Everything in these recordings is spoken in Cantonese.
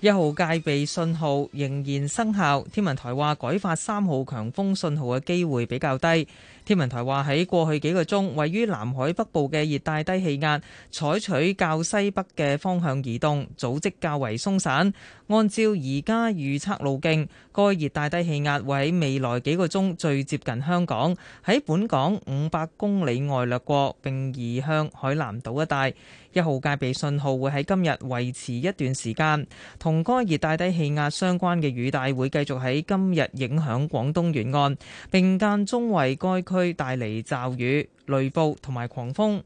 一號戒備信號仍然生效，天文台話改發三號強風信號嘅機會比較低。天文台話喺過去幾個鐘，位於南海北部嘅熱帶低氣壓採取較西北嘅方向移動，組織較為鬆散。按照而家預測路徑，該熱帶低氣壓會喺未來幾個鐘最接近香港，喺本港五百公里外掠過，並移向海南島一帶。一號戒備信號會喺今日維持一段時間，同該熱帶低氣壓相關嘅雨帶會繼續喺今日影響廣東沿岸，並間中為該區帶嚟驟雨、雷暴同埋狂風。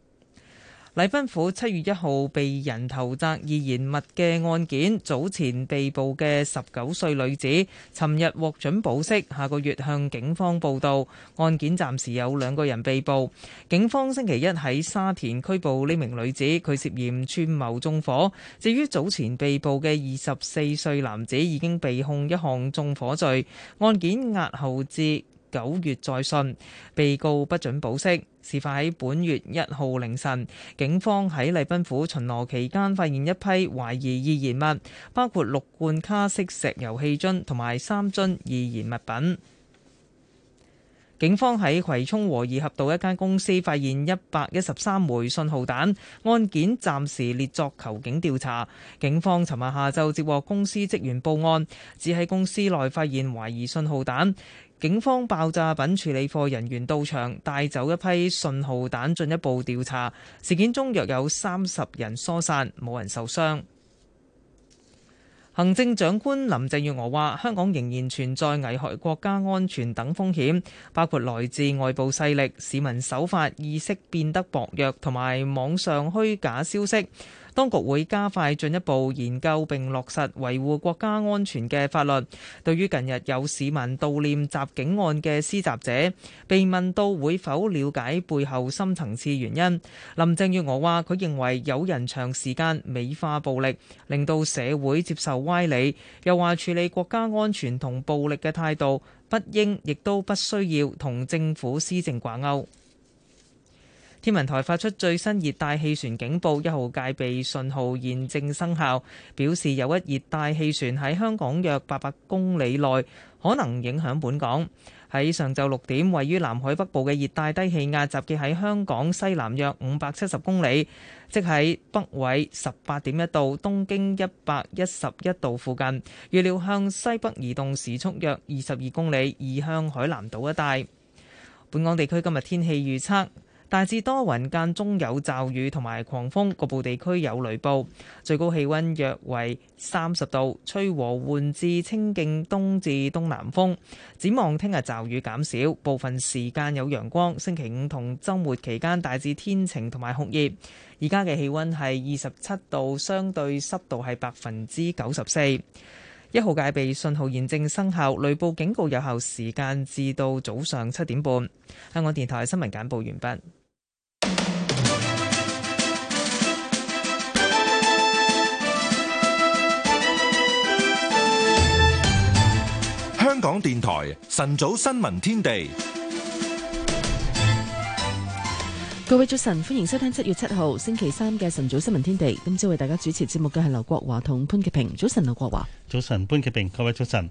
禮賓府七月一號被人投擲易燃物嘅案件，早前被捕嘅十九歲女子，尋日獲准保釋，下個月向警方報到。案件暫時有兩個人被捕，警方星期一喺沙田拘捕呢名女子，佢涉嫌串謀縱火。至於早前被捕嘅二十四歲男子，已經被控一項縱火罪。案件押後至九月再訊，被告不准保釋。事發喺本月一號凌晨，警方喺麗賓府巡邏期間發現一批懷疑易燃物，包括六罐卡式石油氣樽同埋三樽易燃物品。警方喺葵涌和宜合道一間公司發現一百一十三枚信號彈，案件暫時列作求警調查。警方尋日下晝接獲公司職員報案，指喺公司內發現懷疑信號彈。警方爆炸品處理課人員到場，帶走一批信號彈，進一步調查。事件中約有三十人疏散，冇人受傷。行政長官林鄭月娥話：香港仍然存在危害國家安全等風險，包括來自外部勢力、市民守法意識變得薄弱同埋網上虛假消息。當局會加快進一步研究並落實維護國家安全嘅法律。對於近日有市民悼念襲警案嘅施襲者，被問到會否了解背後深層次原因，林鄭月娥話：佢認為有人長時間美化暴力，令到社會接受歪理。又話處理國家安全同暴力嘅態度，不應亦都不需要同政府施政掛鈎。天文台發出最新熱帶氣旋警報，一號戒備信號現正生效，表示有一熱帶氣旋喺香港約八百公里內，可能影響本港。喺上晝六點，位於南海北部嘅熱帶低氣壓集結喺香港西南約五百七十公里，即喺北緯十八點一度、東經一百一十一度附近，預料向西北移動，時速約二十二公里，移向海南島一帶。本港地區今日天氣預測。大致多雲，間中有驟雨同埋狂風，局部地區有雷暴。最高氣温約為三十度，吹和緩至清勁東至東南風。展望聽日驟雨減少，部分時間有陽光。星期五同週末期間大致天晴同埋酷熱。而家嘅氣温係二十七度，相對濕度係百分之九十四。一號戒備信號現正生效，雷暴警告有效時間至到早上七點半。香港電台新聞簡報完畢。香港電台晨早新聞天地，各位早晨，歡迎收聽七月七號星期三嘅晨早新聞天地。今朝為大家主持節目嘅係劉國華同潘潔平。早晨，劉國華，早晨，潘潔平，各位早晨。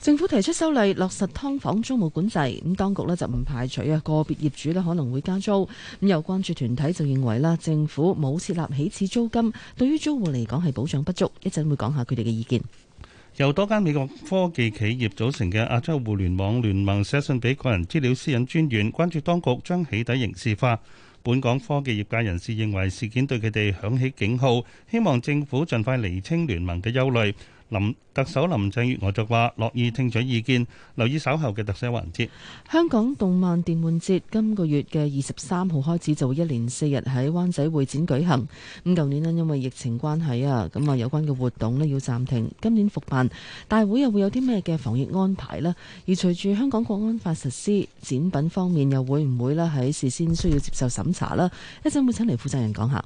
政府提出修例落實劏房租務管制，咁當局咧就唔排除啊個別業主咧可能會加租。咁有關注團體就認為啦，政府冇設立起始租金，對於租戶嚟講係保障不足。一陣會講下佢哋嘅意見。由多間美國科技企業組成嘅亞洲互聯網聯盟寫信俾個人資料私隱專員，關注當局將起底刑事化。本港科技業界人士認為事件對佢哋響起警號，希望政府盡快釐清聯盟嘅憂慮。林特首林鄭月娥就話：樂意聽取意見，留意稍後嘅特寫環節。香港動漫電玩節今個月嘅二十三號開始就會一連四日喺灣仔會展舉行。咁舊年咧因為疫情關係啊，咁啊有關嘅活動咧要暫停。今年復辦，大會又會有啲咩嘅防疫安排呢？而隨住香港國安法實施，展品方面又會唔會咧喺事先需要接受審查呢？一陣會請嚟負責人講下。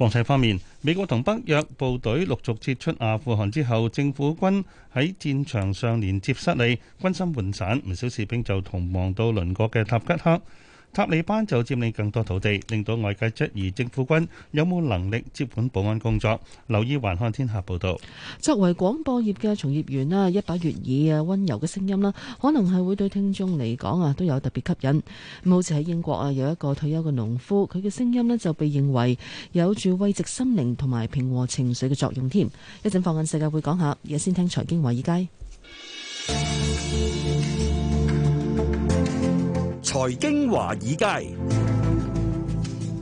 國際方面，美國同北約部隊陸續撤出阿富汗之後，政府軍喺戰場上連接失利，軍心渙散，唔少士兵就逃亡到鄰國嘅塔吉克。塔利班就佔領更多土地，令到外界質疑政府軍有冇能力接管保安工作。留意環看天下報道。作為廣播業嘅從業員啦，一把悅耳啊、溫柔嘅聲音啦，可能係會對聽眾嚟講啊都有特別吸引。咁好似喺英國啊，有一個退休嘅農夫，佢嘅聲音咧就被認為有住慰藉心靈同埋平和情緒嘅作用添。一陣放眼世界會講下，而家先聽財經華爾街。財經華爾街。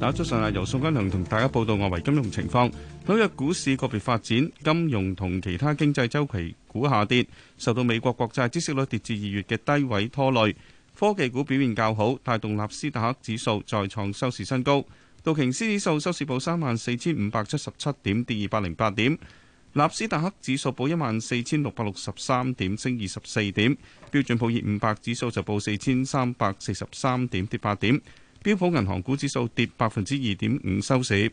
嗱，早上啊，由宋君良同大家報道外圍金融情況。紐約股市個別發展，金融同其他經濟周期股下跌，受到美國國債孳息率跌至二月嘅低位拖累。科技股表現較好，帶動納斯達克指數再創收市新高。道瓊斯指數收市報三萬四千五百七十七點，跌二百零八點。納斯達克指數報一萬四千六百六十三點，升二十四點。標準普爾五百指數就報四千三百四十三點，跌八點。標普銀行股指數跌百分之二點五收市。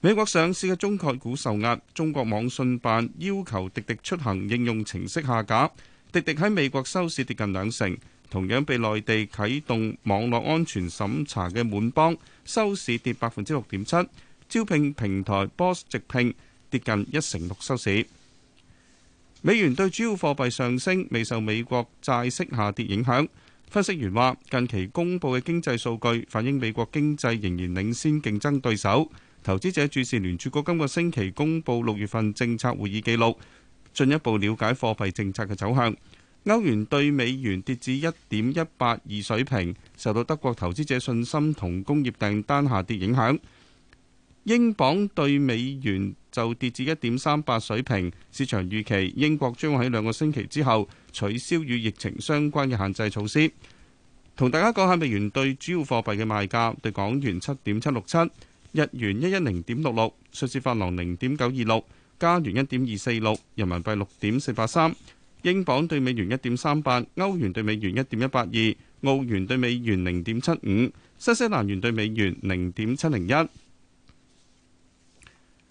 美國上市嘅中概股受壓，中國網信辦要求滴滴出行應用程式下架，滴滴喺美國收市跌近兩成。同樣被內地啟動網絡安全審查嘅滿幫收市跌百分之六點七。招聘平台 Boss 直聘。跌近一成六收市。美元對主要貨幣上升，未受美國債息下跌影響。分析員話，近期公布嘅經濟數據反映美國經濟仍然領先競爭對手。投資者注視聯儲局今個星期公布六月份政策會議記錄，進一步了解貨幣政策嘅走向。歐元對美元跌至一點一八二水平，受到德國投資者信心同工業訂單下跌影響。英鎊對美元就跌至一點三八水平，市場預期英國將會喺兩個星期之後取消與疫情相關嘅限制措施。同大家講下美元對主要貨幣嘅賣價：對港元七點七六七，日元一一零點六六，瑞士法郎零點九二六，加元一點二四六，人民幣六點四八三，英鎊對美元一點三八，歐元對美元一點一八二，澳元對美元零點七五，新西蘭元對美元零點七零一。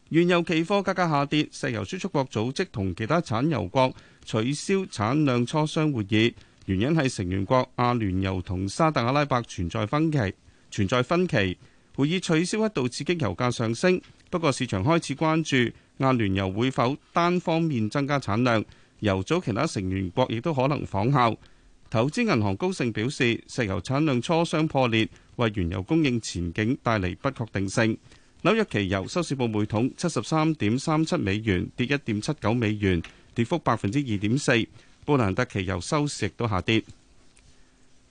原油期貨價格下跌，石油輸出國組織同其他產油國取消產量磋商會議，原因係成員國阿聯酋同沙特阿拉伯存在分歧。存在分歧，會議取消一度刺激油價上升，不過市場開始關注阿聯酋會否單方面增加產量，油組其他成員國亦都可能仿效。投資銀行高盛表示，石油產量磋商破裂，為原油供應前景帶嚟不確定性。紐約期油收市報每桶七十三點三七美元，跌一點七九美元，跌幅百分之二點四。布蘭特期油收市亦都下跌。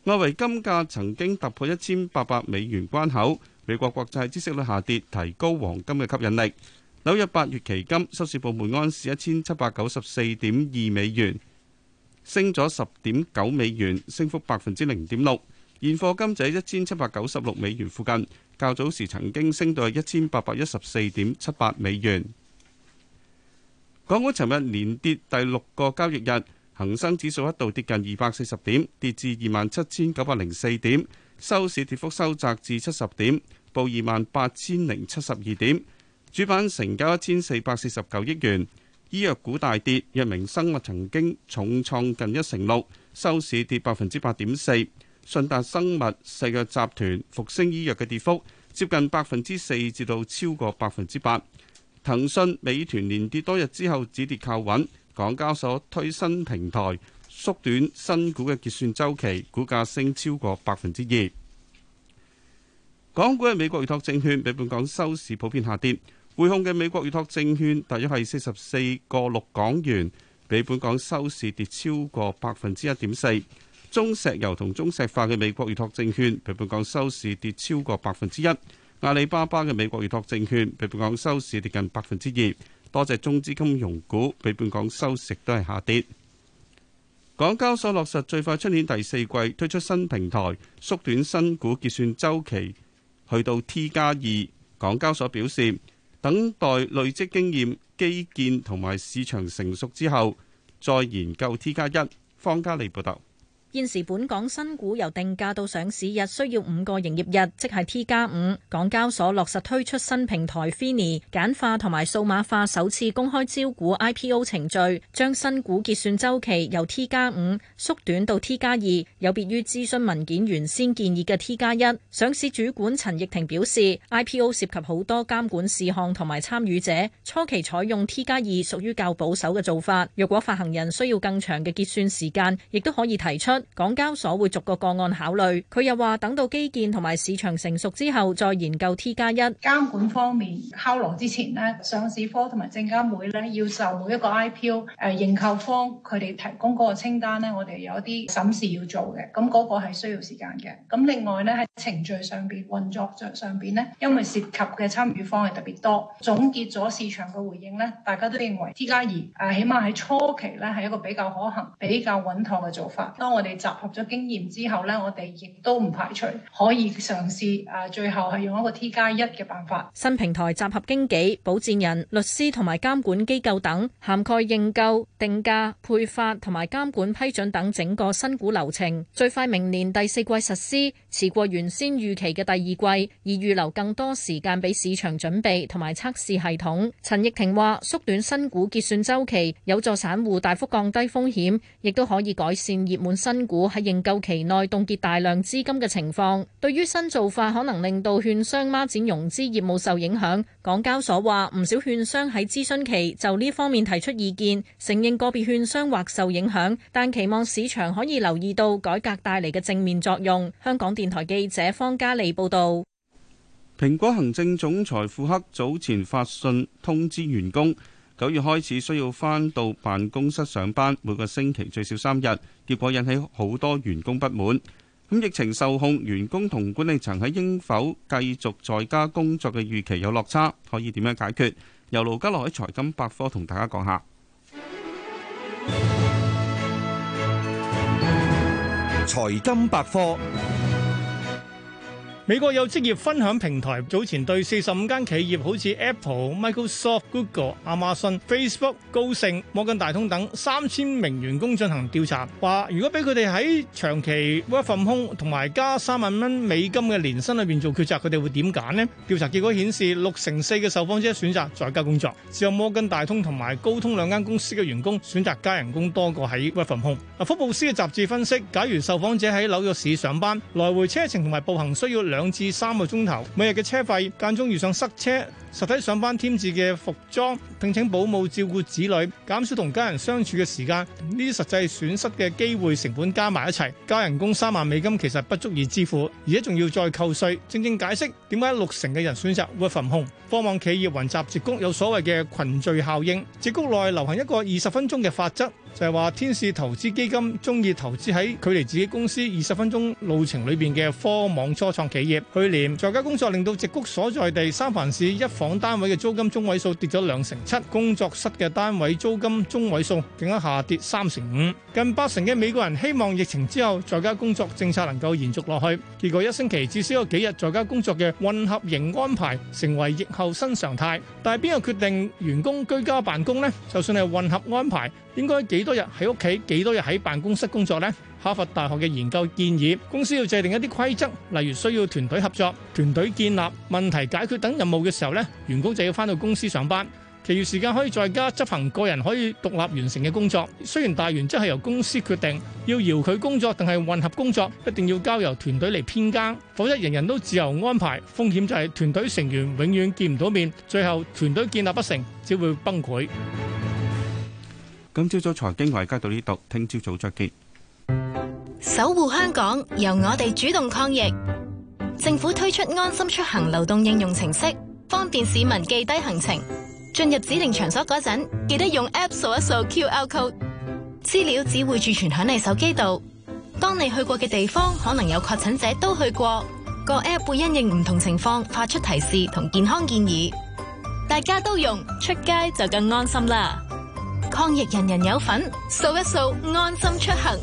外圍金價曾經突破一千八百美元關口，美國國債孳息率下跌，提高黃金嘅吸引力。紐約八月期金收市報每安士一千七百九十四點二美元，升咗十點九美元，升幅百分之零點六。現貨金就喺一千七百九十六美元附近。較早時曾經升到一千八百一十四點七八美元。港股尋日連跌第六個交易日，恒生指數一度跌近二百四十點，跌至二萬七千九百零四點，收市跌幅收窄至七十點，報二萬八千零七十二點。主板成交一千四百四十九億元。醫藥股大跌，藥明生物曾經重創近一成六，收市跌百分之八點四。信達生物、石藥集團、復星醫藥嘅跌幅接近百分之四至到超過百分之八。騰訊、美團連跌多日之後止跌靠穩。港交所推新平台，縮短新股嘅結算週期，股價升超過百分之二。港股嘅美國預託證券比本港收市普遍下跌。匯控嘅美國預託證券大約係四十四個六港元，比本港收市跌超過百分之一點四。中石油同中石化嘅美國預託證券比本港收市跌超過百分之一，阿里巴巴嘅美國預託證券比本港收市跌近百分之二，多隻中資金融股比本港收市都係下跌。港交所落實最快出年第四季推出新平台，縮短新股結算周期，去到 T 加二。港交所表示，等待累積經驗、基建同埋市場成熟之後，再研究 T 加一。方嘉利報道。現時本港新股由定價到上市日需要五個營業日，即係 T 加五。港交所落實推出新平台 Fini，n 簡化同埋數碼化首次公開招股 IPO 程序，將新股結算周期由 T 加五縮短到 T 加二，2，有別於諮詢文件原先建議嘅 T 加一。上市主管陳翊庭表示，IPO 涉及好多監管事項同埋參與者，初期採用 T 加二屬於較保守嘅做法。若果發行人需要更長嘅結算時間，亦都可以提出。港交所會逐個個案考慮，佢又話等到基建同埋市場成熟之後再研究 T 加一。監管方面敲鑼之前呢，上市科同埋證監會咧要受每一個 IPO 誒認購方佢哋提供嗰個清單咧，我哋有一啲審視要做嘅，咁嗰個係需要時間嘅。咁另外咧喺程序上邊運作上上邊咧，因為涉及嘅參與方係特別多，總結咗市場嘅回應咧，大家都認為 T 加二啊，起碼喺初期咧係一個比較可行、比較穩妥嘅做法。當我哋。集合咗經驗之後呢，我哋亦都唔排除可以嘗試啊，最後係用一個 T 加一嘅辦法。新平台集合經紀、保薦人、律師同埋監管機構等，涵蓋認購、定價、配發同埋監管批准等整個新股流程，最快明年第四季實施，遲過原先預期嘅第二季，以預留更多時間俾市場準備同埋測試系統。陳翊庭話：縮短新股結算週期，有助散戶大幅降低風險，亦都可以改善熱門新股喺認購期內凍結大量資金嘅情況，對於新做法可能令到券商孖展融資業務受影響。港交所話唔少券商喺諮詢期就呢方面提出意見，承認個別券商或受影響，但期望市場可以留意到改革帶嚟嘅正面作用。香港電台記者方嘉利報道。蘋果行政總裁庫克早前發信通知員工。九月開始需要返到辦公室上班，每個星期最少三日，結果引起好多員工不滿。咁疫情受控，員工同管理層喺應否繼續在家工作嘅預期有落差，可以點樣解決？由盧家樂喺財金百科同大家講下。財金百科。美國有職業分享平台早前對四十五間企業，好似 Apple、Microsoft、Google、Amazon、Facebook、高盛、摩根大通等三千名員工進行調查，話如果俾佢哋喺長期 work from home 同埋加三萬蚊美金嘅年薪裏邊做抉擇，佢哋會點揀呢？調查結果顯示，六成四嘅受訪者選擇在家工作。只有摩根大通同埋高通兩間公司嘅員工選擇加人工多過喺 work from home。福布斯嘅雜誌分析，假如受訪者喺紐約市上班，來回車程同埋步行需要兩至三個鐘頭，每日嘅車費，間中遇上塞車，實體上班添置嘅服裝，聘請保姆照顧子女，減少同家人相處嘅時間，呢啲實際損失嘅機會成本加埋一齊，加人工三萬美金，其實不足以支付，而且仲要再扣稅。正正解釋點解六成嘅人選擇會焚控，觀望企業雲集，直谷有所謂嘅群聚效應，直谷內流行一個二十分鐘嘅法則。就係話，天使投資基金中意投資喺距離自己公司二十分鐘路程裏邊嘅科網初創企業。去年在家工作令到矽谷所在地三藩市一房單位嘅租金中位數跌咗兩成七，工作室嘅單位租金中位數更加下跌三成五。近八成嘅美國人希望疫情之後在家工作政策能夠延續落去。結果一星期至少有幾日在家工作嘅混合型安排成為疫後新常態。但係邊個決定員工居家辦公咧？就算係混合安排，應該幾多日喺屋企，幾多日喺辦公室工作呢？哈佛大學嘅研究建議，公司要制定一啲規則，例如需要團隊合作、團隊建立、問題解決等任務嘅時候呢，員工就要返到公司上班。其餘時間可以在家執行個人可以獨立完成嘅工作。雖然大原則係由公司決定要遙距工作定係混合工作，一定要交由團隊嚟編更，否則人人都自由安排，風險就係團隊成員永遠見唔到面，最後團隊建立不成，只會崩潰。今朝早財經外街到呢度，聽朝早再見。守護香港，由我哋主動抗疫。政府推出安心出行流動應用程式，方便市民記低行程。進入指定場所嗰陣，記得用 App 掃一掃 QR code。資料只會儲存響你手機度。當你去過嘅地方可能有確診者都去過，各 App 會因應唔同情況發出提示同健康建議。大家都用，出街就更安心啦。抗疫人人有份，掃一掃安心出行。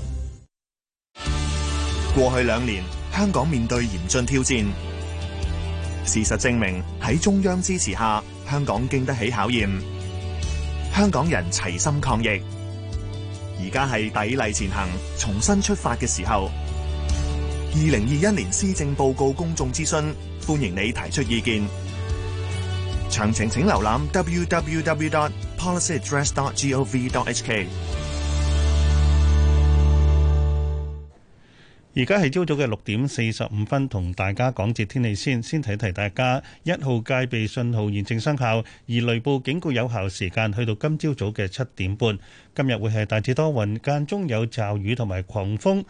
過去兩年，香港面對嚴峻挑戰，事實證明喺中央支持下，香港經得起考驗。香港人齊心抗疫，而家係砥礪前行，重新出發嘅時候。二零二一年施政報告公眾諮詢，歡迎你提出意見。詳情請瀏覽 www.policyaddress.gov.hk。而家係朝早嘅六點四十五分，同大家講節天氣先。先提一提大家，一號戒備信號現正生效，而雷暴警告有效時間去到今朝早嘅七點半。今日會係大致多雲，間中有驟雨同埋狂風。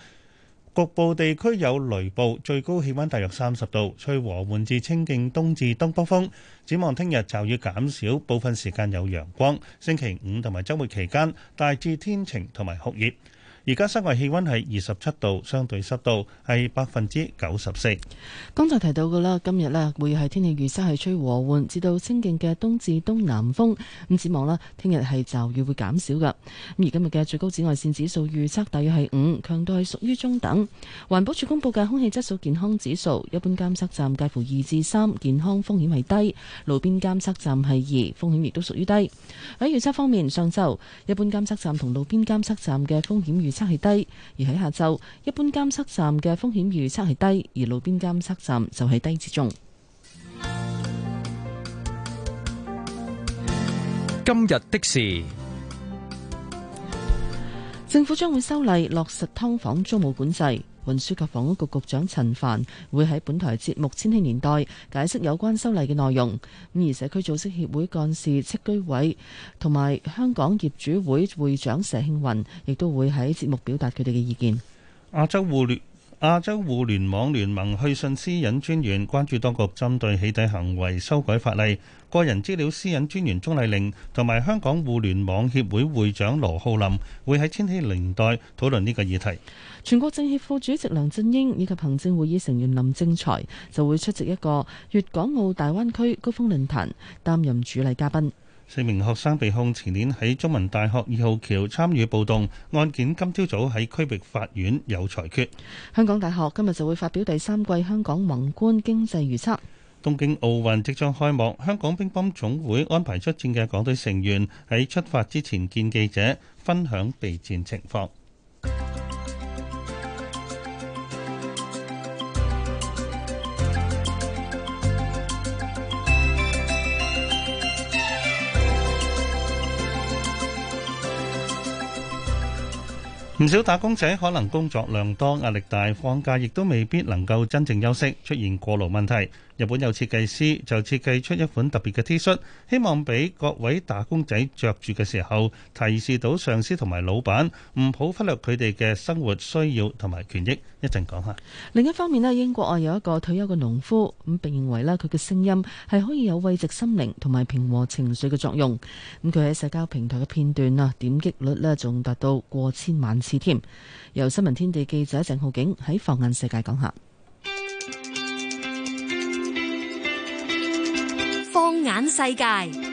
局部地區有雷暴，最高氣溫大約三十度，吹和緩至清勁東至東北風。展望聽日驟雨減少，部分時間有陽光。星期五同埋週末期間大致天晴同埋酷熱。而家室外氣溫係二十七度，相對濕度係百分之九十四。剛才提到嘅啦，今日咧會係天氣預測係吹和緩至到清勁嘅東至東南風，咁展望啦，聽日係驟雨會減少噶。咁而今日嘅最高紫外線指數預測大約係五，強度係屬於中等。環保署公布嘅空氣質素健康指數，一般監測站介乎二至三，健康風險係低；路邊監測站係二，風險亦都屬於低。喺預測方面，上周一般監測站同路邊監測站嘅風險預。測係低，而喺下晝一般監測站嘅風險預測係低，而路邊監測站就係低至中。今日的事，政府將會修例落實劏房租務管制。運輸及房屋局局長陳凡會喺本台節目《千禧年代》解釋有關修例嘅內容，咁而社區組織協會幹事戚居委同埋香港業主會會長佘慶雲，亦都會喺節目表達佢哋嘅意見。亞洲互聯亞洲互聯網聯盟去信私隱專員關注當局針對起底行為修改法例，個人資料私隱專員鍾麗玲同埋香港互聯網協會會，會長羅浩林會喺千禧年代討論呢個議題。全國政協副主席梁振英以及行政會議成員林正財就會出席一個粵港澳大灣區高峰論壇，擔任主禮嘉賓。四名學生被控前年喺中文大學二號橋參與暴動，案件今朝早喺區域法院有裁決。香港大學今日就會發表第三季香港宏觀經濟預測。東京奧運即將開幕，香港乒乓總會安排出戰嘅港隊成員喺出發之前見記者，分享備戰情況。唔少打工仔可能工作量多、壓力大，放假亦都未必能夠真正休息，出現過勞問題。日本有設計師就設計出一款特別嘅 T 恤，希望俾各位打工仔着住嘅時候，提示到上司同埋老闆，唔好忽略佢哋嘅生活需要同埋權益。講一陣講下。另一方面呢，英國啊有一個退休嘅農夫咁，並認為呢佢嘅聲音係可以有慰藉心靈同埋平和情緒嘅作用。咁佢喺社交平台嘅片段啊，點擊率呢仲達到過千萬次添。由新聞天地記者鄭浩景喺放眼世界講下。眼世界。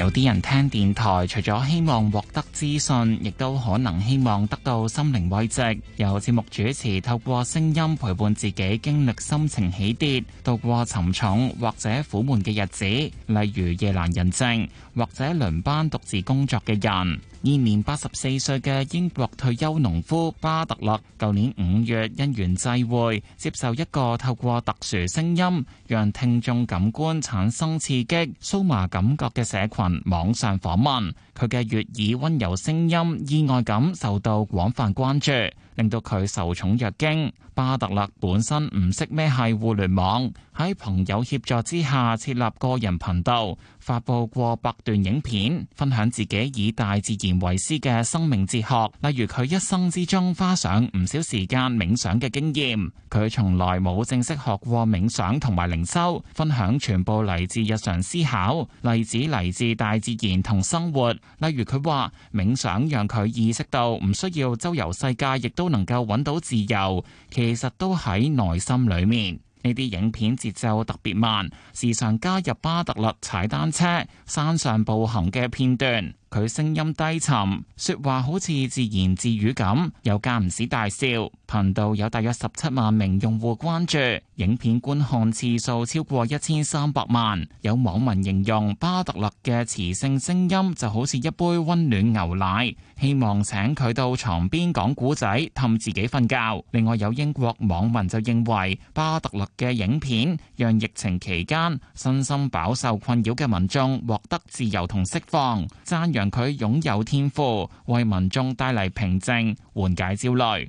有啲人聽電台，除咗希望獲得資訊，亦都可能希望得到心靈慰藉。由節目主持透過聲音陪伴自己，經歷心情起跌、度過沉重或者苦悶嘅日子，例如夜闌人靜或者輪班獨自工作嘅人。現年八十四歲嘅英國退休農夫巴特勒，舊年五月因緣際會接受一個透過特殊聲音，讓聽眾感官產生刺激、酥麻感覺嘅社群。網上訪問，佢嘅粵語溫柔聲音，意外感受到廣泛關注。令到佢受寵若驚。巴特勒本身唔識咩係互聯網，喺朋友協助之下設立個人頻道，發布過百段影片，分享自己以大自然為師嘅生命哲學。例如佢一生之中花上唔少時間冥想嘅經驗，佢從來冇正式學過冥想同埋靈修，分享全部嚟自日常思考，例子嚟自大自然同生活。例如佢話冥想讓佢意識到唔需要周遊世界，亦都能夠揾到自由，其實都喺內心裏面。呢啲影片節奏特別慢，時常加入巴特勒踩單車、山上步行嘅片段。佢聲音低沉，說話好似自言自語咁，又間唔時大笑。頻道有大約十七萬名用戶關注，影片觀看次數超過一千三百萬。有網民形容巴特勒嘅磁性聲音就好似一杯溫暖牛奶。希望請佢到床邊講古仔，氹自己瞓覺。另外有英國網民就認為巴特勒嘅影片讓疫情期間身心飽受困擾嘅民眾獲得自由同釋放，讚揚佢擁有天賦，為民眾帶嚟平靜，緩解焦慮。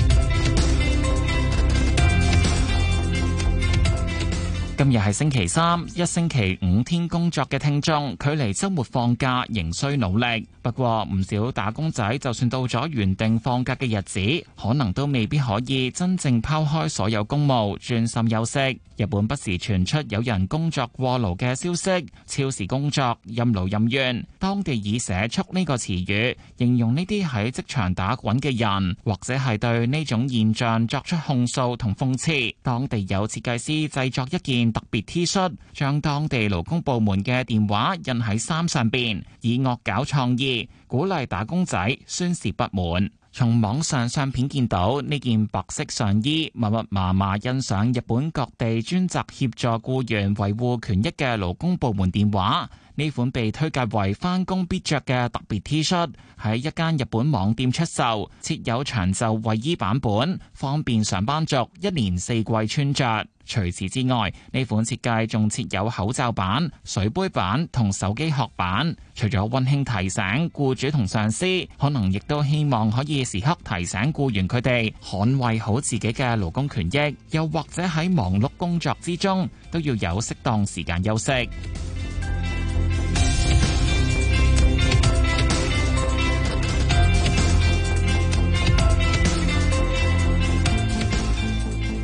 今日係星期三，一星期五天工作嘅聽眾，距離周末放假仍需努力。不過唔少打工仔就算到咗原定放假嘅日子，可能都未必可以真正拋開所有公務，專心休息。日本不時傳出有人工作過勞嘅消息，超時工作任勞任怨，當地已寫出呢個詞語，形容呢啲喺職場打滾嘅人，或者係對呢種現象作出控訴同諷刺。當地有設計師製作一件。特別 T 恤將當地勞工部門嘅電話印喺衫上邊，以惡搞創意鼓勵打工仔宣示不滿。從網上相片見到呢件白色上衣密密麻麻印上日本各地專責協助僱員維護權益嘅勞工部門電話。呢款被推介為「返工必着」嘅特別 T 恤，喺一間日本網店出售，設有長袖衞衣版本，方便上班族一年四季穿着。除此之外，呢款設計仲設有口罩版、水杯版同手機殼版。除咗溫馨提醒僱主同上司，可能亦都希望可以時刻提醒僱員佢哋捍衞好自己嘅勞工權益，又或者喺忙碌工作之中都要有適當時間休息。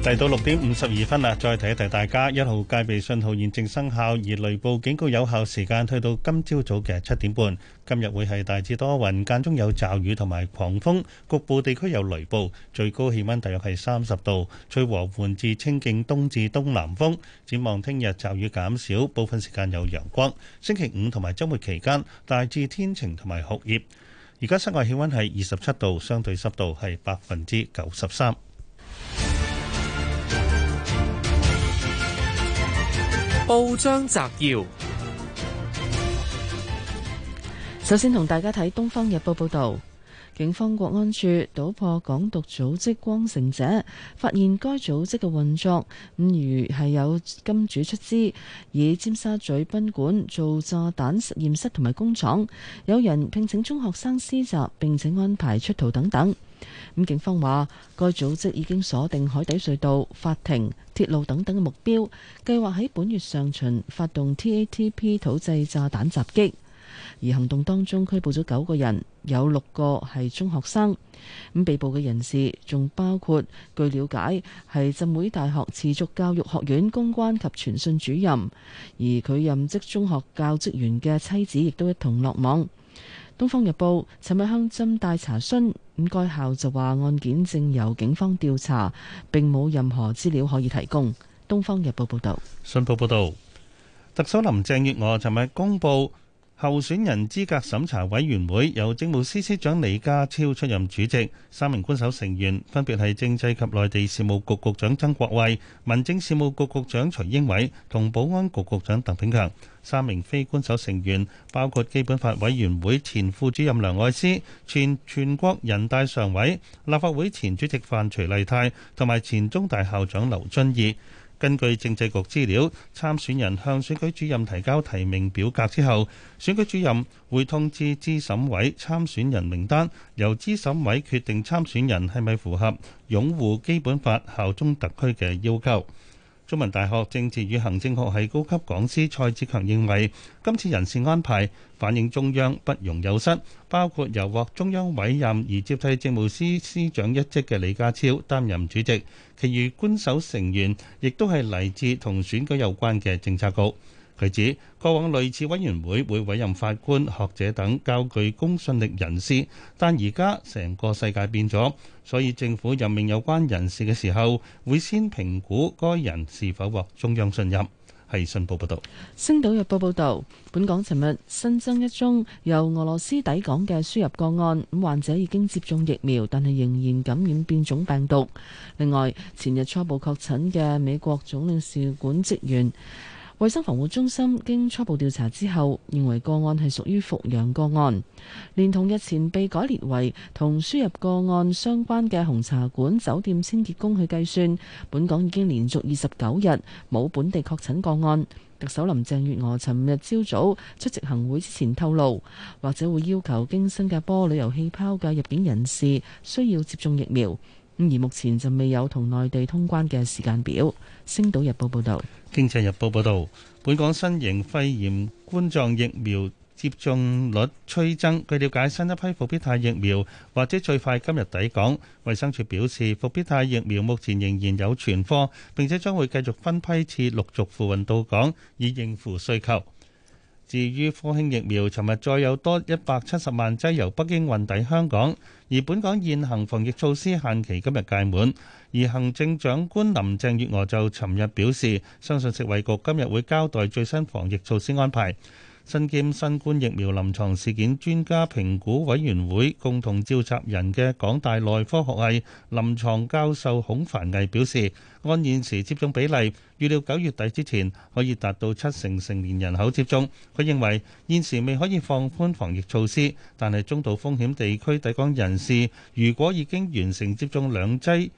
嚟到六點五十二分啦，再提一提大家，一號戒備信號現正生效，而雷暴警告有效時間推到今朝早嘅七點半。今日會係大致多雲，間中有驟雨同埋狂風，局部地區有雷暴，最高氣溫大約係三十度，吹和緩至清勁東至東南風。展望聽日驟雨減少，部分時間有陽光。星期五同埋周末期間大致天晴同埋酷熱。而家室外氣溫係二十七度，相對濕度係百分之九十三。報章摘要：首先同大家睇《東方日報》報道，警方國安處搗破港獨組織光城者，發現該組織嘅運作唔如係有金主出資，以尖沙咀賓館做炸彈實驗室同埋工廠，有人聘請中學生施襲，並且安排出逃等等。咁警方話，該組織已經鎖定海底隧道、法庭、鐵路等等嘅目標，計劃喺本月上旬發動 TATP 土製炸彈襲擊。而行動當中拘捕咗九個人，有六個係中學生。咁被捕嘅人士仲包括，據了解係浸會大學持續教育學院公關及傳訊主任，而佢任職中學教職員嘅妻子亦都一同落網。《東方日報》尋日向針大查詢，咁該校就話案件正由警方調查，並冇任何資料可以提供。《東方日報》報道。《信報》報導，特首林鄭月娥尋日公布。候選人資格審查委員會由政務司司長李家超出任主席，三名官守成員分別係政制及內地事務局局長曾國衛、民政事務局局長徐英偉同保安局局長鄧炳強，三名非官守成員包括基本法委員會前副主任梁愛詩、前全國人大常委、立法會前主席范徐麗泰同埋前中大校長劉俊義。根據政制局資料，參選人向選舉主任提交提名表格之後，選舉主任會通知資審委參選人名單，由資審委決定參選人係咪符合擁護基本法、效忠特區嘅要求。中文大學政治與行政學系高級講師蔡志強認為，今次人事安排反映中央不容有失，包括由獲中央委任而接替政務司司長一職嘅李家超擔任主席，其餘官守成員亦都係嚟自同選舉有關嘅政策局。佢指，過往類似委員會會委任法官、學者等較具公信力人士，但而家成個世界變咗，所以政府任命有關人士嘅時候，會先評估該人是否獲中央信任。係信報報道，星島日報報道，本港尋日新增一宗由俄羅斯抵港嘅輸入個案，患者已經接種疫苗，但係仍然感染變種病毒。另外，前日初步確診嘅美國總領事館職員。衛生防護中心經初步調查之後，認為個案係屬於復陽個案，連同日前被改列為同輸入個案相關嘅紅茶館酒店清潔工去計算，本港已經連續二十九日冇本地確診個案。特首林鄭月娥尋日朝早出席行會之前透露，或者會要求經新加坡旅遊氣泡嘅入境人士需要接種疫苗。而目前就未有同內地通關嘅時間表。星島日報報道，經濟日報報道，本港新型肺炎冠狀疫苗接種率趨增。據了解，新一批復必泰疫苗或者最快今日抵港。衛生署表示，復必泰疫苗目前仍然有存貨，並且將會繼續分批次陸續付運到港，以應付需求。至於科興疫苗，尋日再有多一百七十萬劑由北京運抵香港。而本港現行防疫措施限期今日屆滿，而行政長官林鄭月娥就尋日表示，相信食衛局今日會交代最新防疫措施安排。身兼新冠疫苗臨床事件專家評估委員會共同召集人嘅港大內科學系臨床教授孔凡毅表示，按現時接種比例，預料九月底之前可以達到七成成年人口接種，佢認為現時未可以放寬防疫措施，但係中度風險地區抵港人士如果已經完成接種兩劑，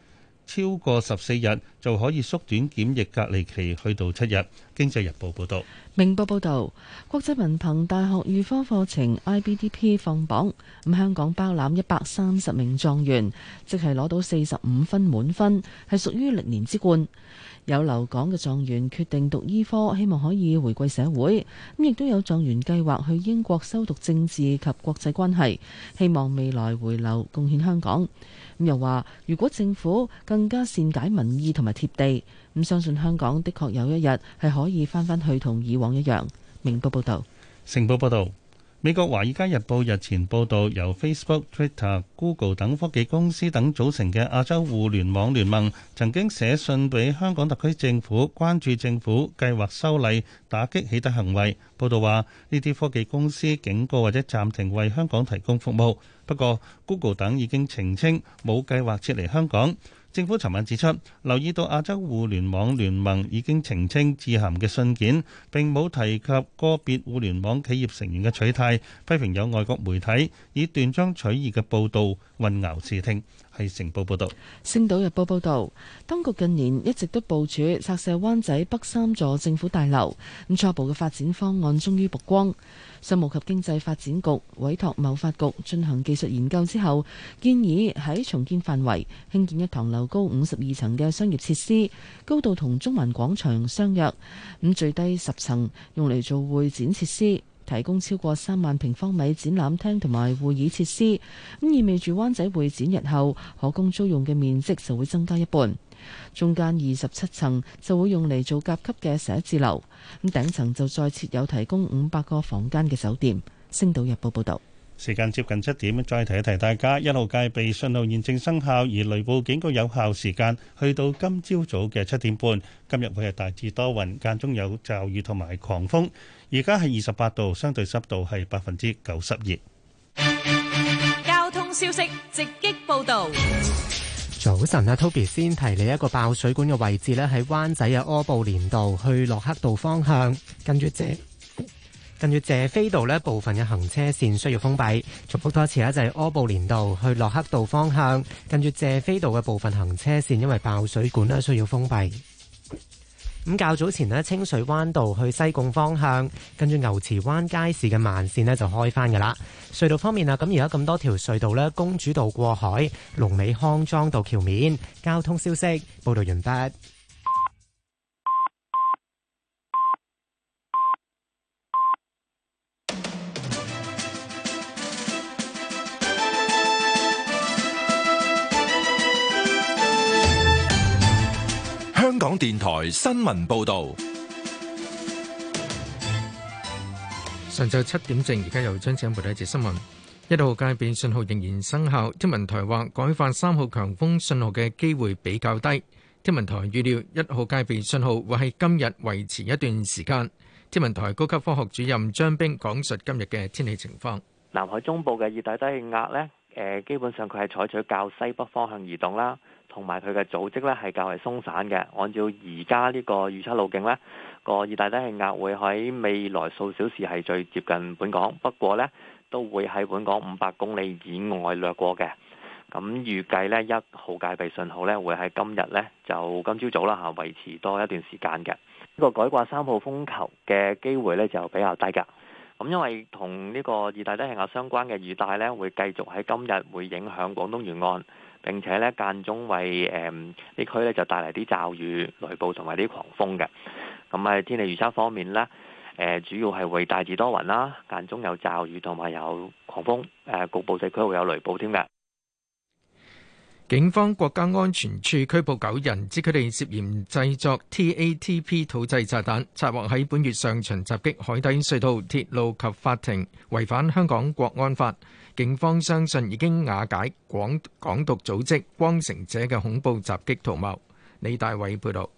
超過十四日就可以縮短檢疫隔離期去到七日。經濟日報報道，明報報道，國際文憑大學預科課程 IBDP 放榜，咁香港包攬一百三十名狀元，即係攞到四十五分滿分，係屬於歷年之冠。有留港嘅狀元決定讀醫科，希望可以回歸社會；咁亦都有狀元計劃去英國修讀政治及國際關係，希望未來回流貢獻香港。又話，如果政府更加善解民意同埋貼地，咁相信香港的確有一日係可以翻返去同以往一樣。明報報導，成報報導，美國華爾街日報日前報導，由 Facebook、Twitter、Google 等科技公司等組成嘅亞洲互聯網聯盟，曾經寫信俾香港特區政府，關注政府計劃修例、打擊起底行為。報導話，呢啲科技公司警告或者暫停為香港提供服務。不過，Google 等已經澄清冇計劃撤離香港。政府尋晚指出，留意到亞洲互聯網聯盟已經澄清致函嘅信件，並冇提及個別互聯網企業成員嘅取態，批評有外國媒體以斷章取義嘅報導混淆視聽。《星報》報道，《星島日報》報道，當局近年一直都部署拆卸灣仔北三座政府大樓，咁初步嘅發展方案終於曝光。商務及經濟發展局委託某法局進行技術研究之後，建議喺重建範圍興建一幢樓高五十二層嘅商業設施，高度同中環廣場相若，咁最低十層用嚟做會展設施。提供超過三萬平方米展覽廳同埋會議設施，咁意味住灣仔會展日後可供租用嘅面積就會增加一半。中間二十七層就會用嚟做甲級嘅寫字樓，咁頂層就再設有提供五百個房間嘅酒店。星島日報報道。時間接近七點，再提一提大家，一號戒備信號現正生效，而雷暴警告有效時間去到今朝早嘅七點半。今日會係大致多雲，間中有驟雨同埋狂風。而家係二十八度，相對濕度係百分之九十二。交通消息直擊報道。早晨，阿 Toby 先提你一個爆水管嘅位置呢，喺灣仔嘅柯布連道去洛克道方向，跟住直。近住謝斐道呢部分嘅行車線需要封閉。重複多次啦，就係柯布連道去洛克道方向，近住謝斐道嘅部分行車線，因為爆水管咧需要封閉。咁較早前咧，清水灣道去西貢方向，近住牛池灣街市嘅慢線咧就開返噶啦。隧道方面啊，咁而家咁多條隧道咧，公主道過海、龍尾康莊道橋面，交通消息，報道完畢。香港電台新聞報道。上晝七點正，而家有張請報睇一節新聞。一號戒備信號仍然生效，天文台話改發三號強風信號嘅機會比較低。天文台預料一號戒備信號會喺今日維持一段時間。天文台高級科學主任張冰講述今日嘅天氣情況。南海中部嘅熱帶低氣壓呢，誒，基本上佢係採取較西北方向移動啦。同埋佢嘅組織咧係較為鬆散嘅。按照而家呢個預測路徑，呢個熱帶低氣壓會喺未來數小時係最接近本港，不過呢都會喺本港五百公里以外掠過嘅。咁預計呢，一號戒備信號呢會喺今日呢就今朝早啦嚇維持多一段時間嘅。呢、這個改掛三號風球嘅機會呢就比較低㗎。咁因為同呢個熱帶低氣壓相關嘅雨帶呢，會繼續喺今日會影響廣東沿岸。並且咧間中為誒啲、呃、區咧就帶嚟啲驟雨、雷暴同埋啲狂風嘅。咁啊，天氣預測方面呢誒、呃、主要係會大致多雲啦，間中有驟雨同埋有狂風，誒、呃、局部地區會有雷暴添嘅。警方國家安全處拘捕九人，指佢哋涉嫌製作 TATP 土製炸彈，策劃喺本月上旬襲擊海底隧道、鐵路及法庭，違反香港國安法。警方相信已經瓦解港港獨組織光城者嘅恐怖襲擊圖謀。李大偉報導，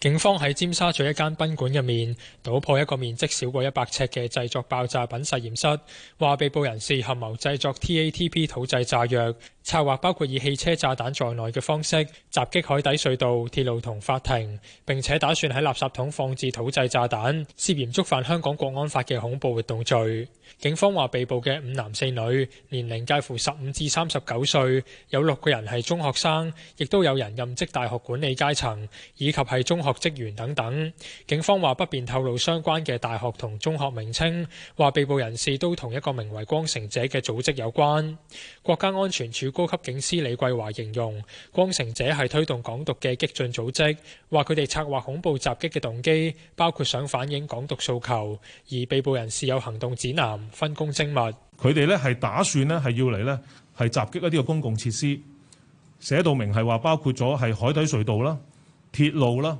警方喺尖沙咀一間賓館入面，搗破一個面積少過一百尺嘅製作爆炸品實驗室，話被捕人士合謀製作 TATP 土製炸藥。策劃包括以汽車炸彈在內嘅方式襲擊海底隧道、鐵路同法庭，並且打算喺垃圾桶放置土製炸彈，涉嫌觸犯香港國安法嘅恐怖活動罪。警方話被捕嘅五男四女，年齡介乎十五至三十九歲，有六個人係中學生，亦都有人任職大學管理階層以及係中學職員等等。警方話不便透露相關嘅大學同中學名稱，話被捕人士都同一個名為光城者嘅組織有關。國家安全處。高級警司李桂華形容光城者係推動港獨嘅激進組織，話佢哋策劃恐怖襲擊嘅動機包括想反映港獨訴求，而被捕人士有行動指南，分工精密。佢哋咧係打算咧係要嚟咧係襲擊一啲嘅公共設施，寫到明係話包括咗係海底隧道啦、鐵路啦、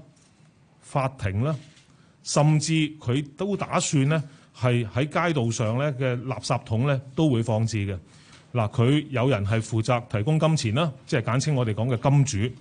法庭啦，甚至佢都打算咧係喺街道上咧嘅垃圾桶咧都會放置嘅。嗱，佢有人係負責提供金錢啦，即係簡稱我哋講嘅金主，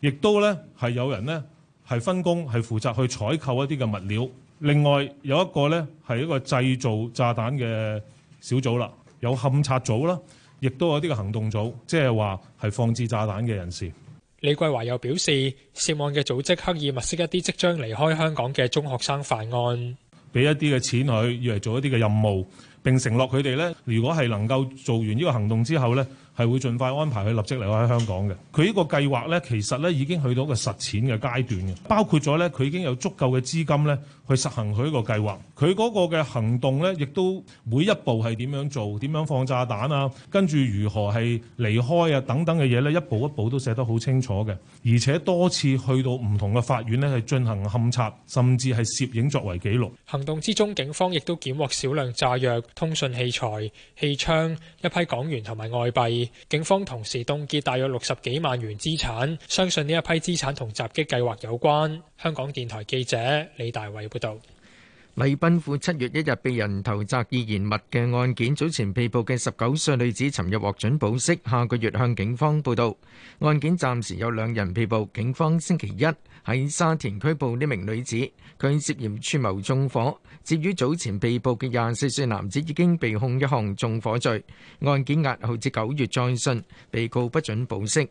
亦都呢，係有人呢，係分工係負責去採購一啲嘅物料。另外有一個呢，係一個製造炸彈嘅小組啦，有勘察組啦，亦都有啲嘅行動組，即係話係放置炸彈嘅人士。李桂華又表示，涉案嘅組織刻意物色一啲即將離開香港嘅中學生犯案，俾一啲嘅錢佢，要嚟做一啲嘅任務。並承諾佢哋咧，如果係能夠做完呢個行動之後咧。係會盡快安排佢立即離開香港嘅。佢呢個計劃呢，其實呢已經去到一個實踐嘅階段嘅。包括咗呢佢已經有足夠嘅資金呢去實行佢呢個計劃。佢嗰個嘅行動呢，亦都每一步係點樣做、點樣放炸彈啊，跟住如何係離開啊等等嘅嘢呢，一步一步都寫得好清楚嘅。而且多次去到唔同嘅法院呢，係進行勘查，甚至係攝影作為記錄。行動之中，警方亦都檢獲少量炸藥、通訊器材、氣槍、一批港元同埋外幣。警方同時凍結大約六十幾萬元資產，相信呢一批資產同襲擊計劃有關。香港電台記者李大偉報道。禮賓府七月一日被人投擲易燃物嘅案件，早前被捕嘅十九歲女子，尋日獲准保釋，下個月向警方報到。案件暫時有兩人被捕，警方星期一喺沙田拘捕呢名女子，佢涉嫌串謀縱火。至於早前被捕嘅廿四歲男子，已經被控一項縱火罪。案件押後至九月再訊，被告不准保釋。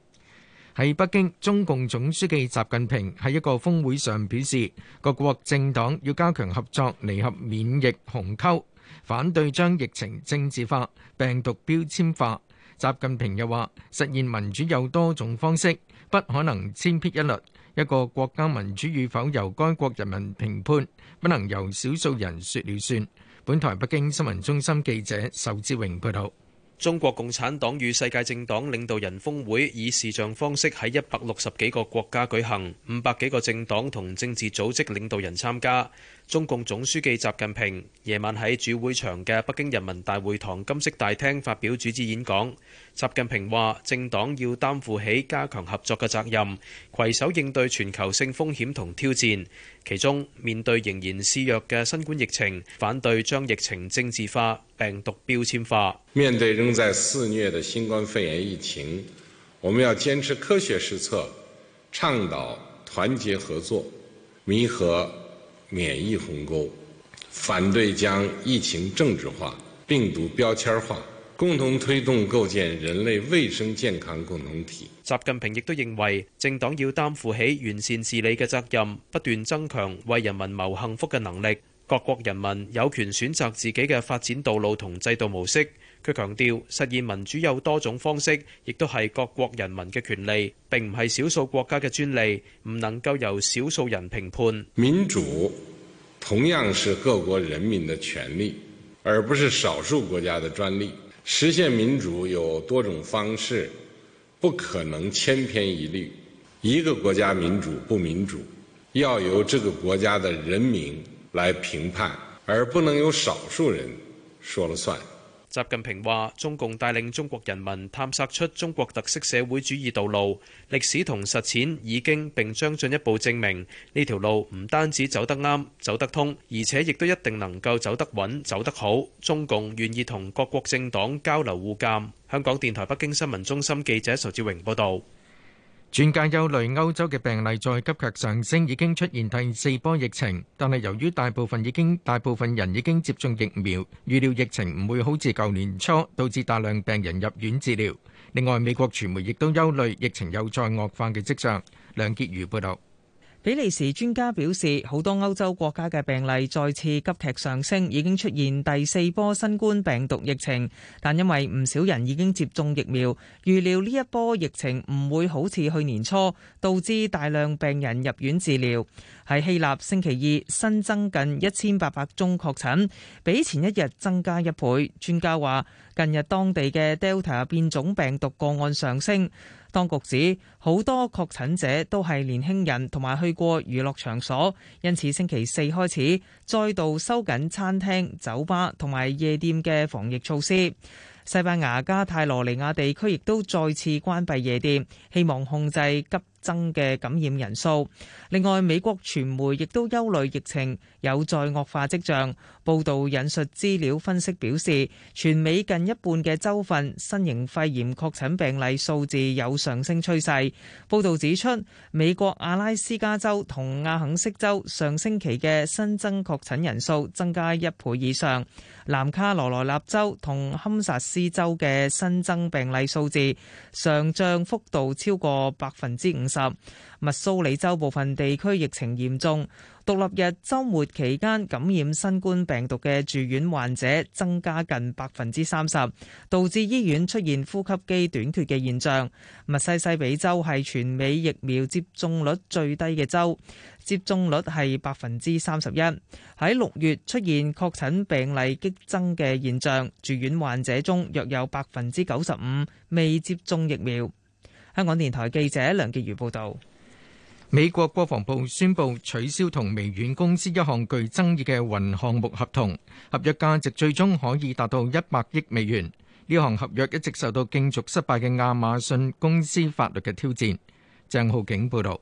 喺北京，中共總書記習近平喺一個峰會上表示，各國政黨要加強合作，彌合免疫鴻溝，反對將疫情政治化、病毒標籤化。習近平又話，實現民主有多種方式，不可能千篇一律。一個國家民主與否由該國人民評判，不能由少數人説了算。本台北京新聞中心記者壽志榮報道：中國共產黨與世界政黨領導人峰會以視像方式喺一百六十幾個國家舉行，五百幾個政黨同政治組織領導人參加。中共總書記習近平夜晚喺主會場嘅北京人民大會堂金色大廳發表主旨演講。習近平話：政黨要擔負起加強合作嘅責任，携手應對全球性風險同挑戰。其中，面對仍然肆虐嘅新冠疫情，反對將疫情政治化、病毒標籤化。面對仍在肆虐的新冠肺炎疫情，我們要堅持科學施策，倡導團結合作，彌合。免疫鴻溝，反對將疫情政治化、病毒標籤化，共同推動構建人類衛生健康共同體。習近平亦都認為政黨要擔負起完善治理嘅責任，不斷增強為人民謀幸福嘅能力。各國人民有權選擇自己嘅發展道路同制度模式。佢強調，實現民主有多種方式，亦都係各國人民嘅權利，並唔係少數國家嘅專利，唔能夠由少數人評判。民主同樣是各國人民嘅權利，而不是少數國家嘅專利。實現民主有多種方式，不可能千篇一律。一個國家民主不民主，要由這個國家嘅人民來評判，而不能由少數人說了算。習近平話中共帶領中國人民探索出中國特色社會主義道路，歷史同實踐已經並將進一步證明呢條路唔單止走得啱、走得通，而且亦都一定能夠走得穩走得好。中共願意同各國政黨交流互鑒，香港電台北京新聞中心記者仇志榮報道。專家憂慮，歐洲嘅病例再急劇上升，已經出現第四波疫情。但係由於大部分已經大部分人已經接種疫苗，預料疫情唔會好似舊年初導致大量病人入院治療。另外，美國傳媒亦都憂慮疫情有再惡化嘅跡象。梁潔如報導。比利時專家表示，好多歐洲國家嘅病例再次急劇上升，已經出現第四波新冠病毒疫情。但因為唔少人已經接種疫苗，預料呢一波疫情唔會好似去年初，導致大量病人入院治療。喺希臘，星期二新增近一千八百宗確診，比前一日增加一倍。專家話，近日當地嘅 Delta 變種病毒個案上升。當局指，好多確診者都係年輕人，同埋去過娛樂場所，因此星期四開始，再度收緊餐廳、酒吧同埋夜店嘅防疫措施。西班牙加泰羅尼亞地區亦都再次關閉夜店，希望控制急。增嘅感染人數，另外，美國傳媒亦都憂慮疫情有再惡化跡象。報道引述資料分析表示，全美近一半嘅州份新型肺炎確診病例數字有上升趨勢，報道指出，美國阿拉斯加州同亞肯色州上星期嘅新增確診人數增加一倍以上。南卡羅來納州同堪薩斯州嘅新增病例數字上漲幅度超過百分之五。十密蘇里州部分地區疫情嚴重，獨立日周末期間感染新冠病毒嘅住院患者增加近百分之三十，導致醫院出現呼吸機短缺嘅現象。密西西比州係全美疫苗接種率最低嘅州，接種率係百分之三十一。喺六月出現確診病例激增嘅現象，住院患者中約有百分之九十五未接種疫苗。香港電台記者梁潔如報道：美國國防部宣布取消同微軟公司一項具爭議嘅雲項目合同，合約價值最終可以達到一百億美元。呢項合約一直受到競逐失敗嘅亞馬遜公司法律嘅挑戰。鄭浩景報道。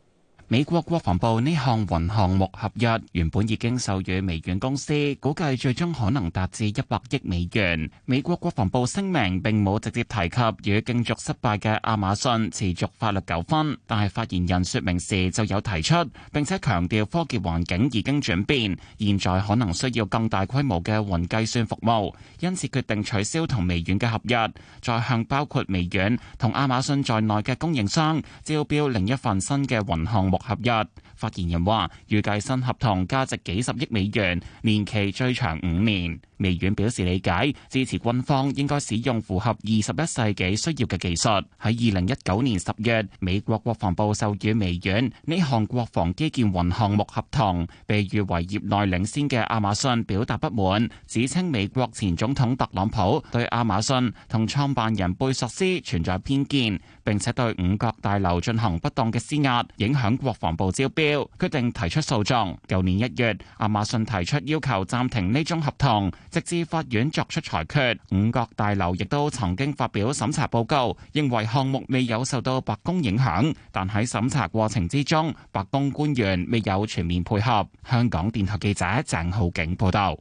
美國國防部呢項雲項目合約原本已經授予微軟公司，估計最終可能達至一百億美元。美國國防部聲明並冇直接提及與競逐失敗嘅亞馬遜持續法律糾紛，但係發言人說明時就有提出，並且強調科技環境已經轉變，現在可能需要更大規模嘅雲計算服務，因此決定取消同微軟嘅合約，再向包括微軟同亞馬遜在內嘅供應商招標另一份新嘅雲項目。合約，發言人話，預計新合同價值幾十億美元，年期最長五年。微軟表示理解，支持軍方應該使用符合二十一世紀需要嘅技術。喺二零一九年十月，美國國防部授予微軟呢項國防基建雲項目合同，被譽為業內領先嘅亞馬遜表達不滿，指稱美國前總統特朗普對亞馬遜同創辦人貝索斯存在偏見，並且對五角大樓進行不當嘅施壓，影響國防部招標，決定提出訴訟。舊年一月，亞馬遜提出要求暫停呢種合同。直至法院作出裁決，五角大樓亦都曾經發表審查報告，認為項目未有受到白宮影響，但喺審查過程之中，白宮官員未有全面配合。香港電台記者鄭浩景報道。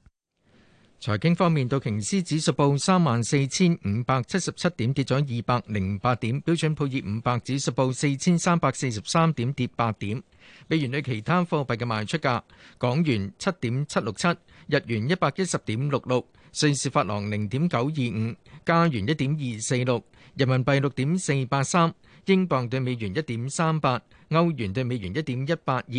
財經方面，道瓊斯指數報三萬四千五百七十七點，跌咗二百零八點，標準普爾五百指數報四千三百四十三點，跌八點，美元對其他貨幣嘅賣出價，港元七點七六七。日元一百一十點六六，瑞士法郎零點九二五，加元一點二四六，人民幣六點四八三，英鎊兌美元一點三八，歐元兌美元一點一八二，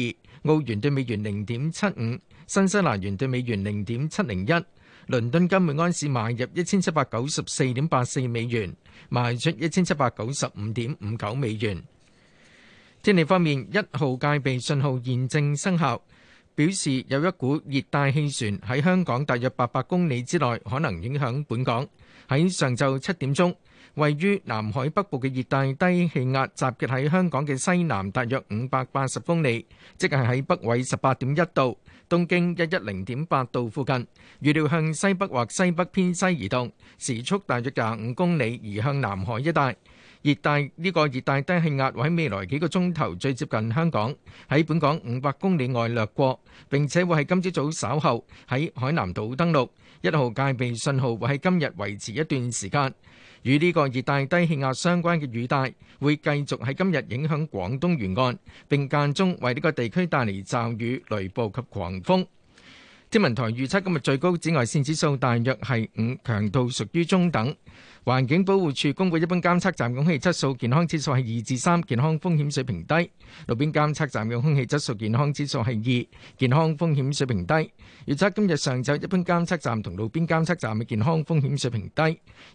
澳元兌美元零點七五，新西蘭元兌美元零點七零一。倫敦金每安士買入一千七百九十四點八四美元，賣出一千七百九十五點五九美元。天氣方面，一號戒備信號現正生效。表示有一股熱帶氣旋喺香港大約八百公里之內，可能影響本港。喺上晝七點鐘，位於南海北部嘅熱帶低氣壓，集結喺香港嘅西南大約五百八十公里，即係喺北緯十八點一度、東經一一零點八度附近。預料向西北或西北偏西移動，時速大約廿五公里，移向南海一帶。熱帶，呢個熱帶低氣壓會喺未來幾個鐘頭最接近香港，喺本港五百公里外掠過，並且會喺今朝早稍後喺海南島登陸。一號戒備信號會喺今日維持一段時間。與呢個熱帶低氣壓相關嘅雨帶會繼續喺今日影響廣東沿岸，並間中為呢個地區帶嚟驟雨、雷暴及狂風。天文台預測今日最高紫外線指數大約係五，強度屬於中等。環境保護署公布一般監測站空氣質素健康指數係二至三，健康風險水平低；路邊監測站嘅空氣質素健康指數係二，健康風險水平低。預測今日上晝一般監測站同路邊監測站嘅健康風險水平低；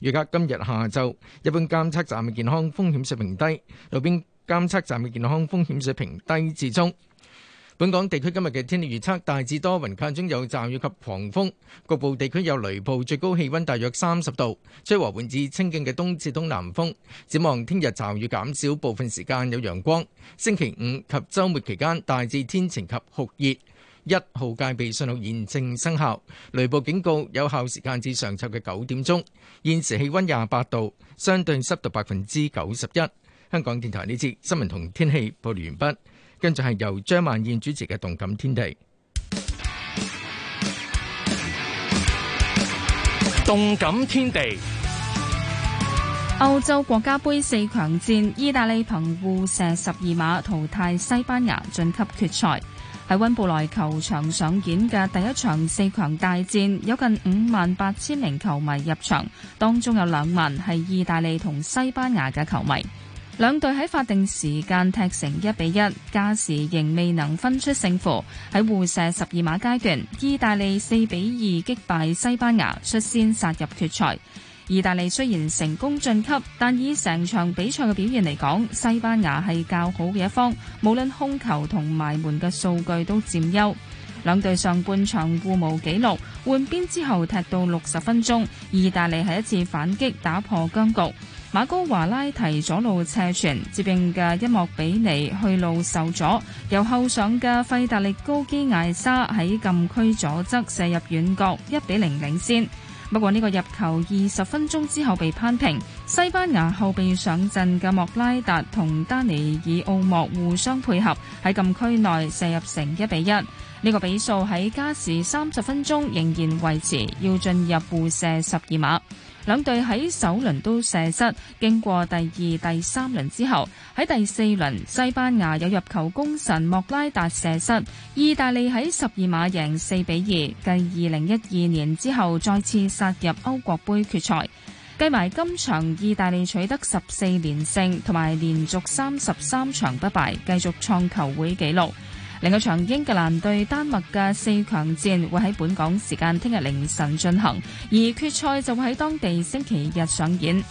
預測今日下晝一般監測站嘅健康風險水平低，路邊監測站嘅健康風險水平低至中。本港地區今日嘅天氣預測大致多雲，間中有驟雨及狂風，局部地區有雷暴，最高氣温大約三十度，吹和緩至清勁嘅東至東南風，展望聽日驟雨減少，部分時間有陽光。星期五及周末期間大致天晴及酷熱。一號戒備信號現正生效，雷暴警告有效時間至上晝嘅九點鐘，現時氣温廿八度，相對濕度百分之九十一。香港電台呢節新聞同天氣報道完畢。跟住係由張曼燕主持嘅《動感天地》，《動感天地》。歐洲國家杯四強戰，意大利憑互射十二碼淘汰西班牙晉級決賽，喺溫布萊球場上演嘅第一場四強大戰，有近五萬八千名球迷入場，當中有兩萬係意大利同西班牙嘅球迷。兩隊喺法定時間踢成一比一，加時仍未能分出勝負。喺互射十二碼階段，意大利四比二擊敗西班牙，率先殺入決賽。意大利雖然成功晉級，但以成場比賽嘅表現嚟講，西班牙係較好嘅一方，無論控球同埋門嘅數據都佔優。兩隊上半場互無紀錄，換邊之後踢到六十分鐘，意大利喺一次反擊打破僵局。馬高華拉提左路斜傳，接應嘅一莫比尼去路受阻，由後上嘅費達力高基艾莎喺禁區左側射入遠角，一比零領先。不過呢個入球二十分鐘之後被扳平。西班牙後備上陣嘅莫拉達同丹尼爾奧莫互相配合喺禁區內射入成一比一。呢、這個比數喺加時三十分鐘仍然維持，要進入互射十二碼。兩隊喺首輪都射失，經過第二、第三輪之後，喺第四輪西班牙有入球功臣莫拉達射失，意大利喺十二碼贏四比二，繼二零一二年之後再次殺入歐國杯決賽。計埋今場，意大利取得十四連勝，同埋連續三十三場不敗，繼續創球會紀錄。另外場英格蘭對丹麥嘅四強戰會喺本港時間聽日凌晨進行，而決賽就會喺當地星期日上演。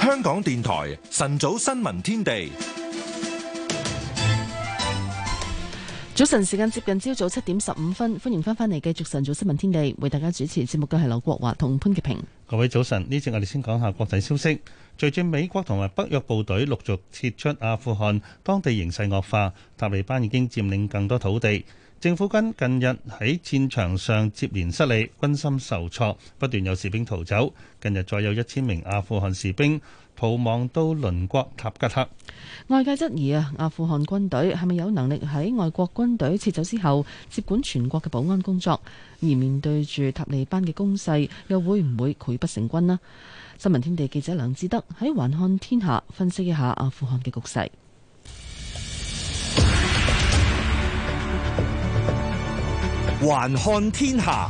香港電台晨早新聞天地。早晨時間接近朝早七點十五分，歡迎翻返嚟繼續晨早新聞天地，為大家主持節目嘅係劉國華同潘潔平。各位早晨，呢次我哋先講下國際消息。隨住美國同埋北約部隊陸續撤出阿富汗，當地形勢惡化，塔利班已經佔領更多土地。政府軍近日喺戰場上接連失利，軍心受挫，不斷有士兵逃走。近日再有一千名阿富汗士兵，逃亡到鄰國塔吉克，外界質疑啊，阿富汗軍隊係咪有能力喺外國軍隊撤走之後接管全國嘅保安工作？而面對住塔利班嘅攻勢，又會唔會潰不成軍呢？新聞天地記者梁志德喺《環看天下》分析一下阿富汗嘅局勢。環看天下。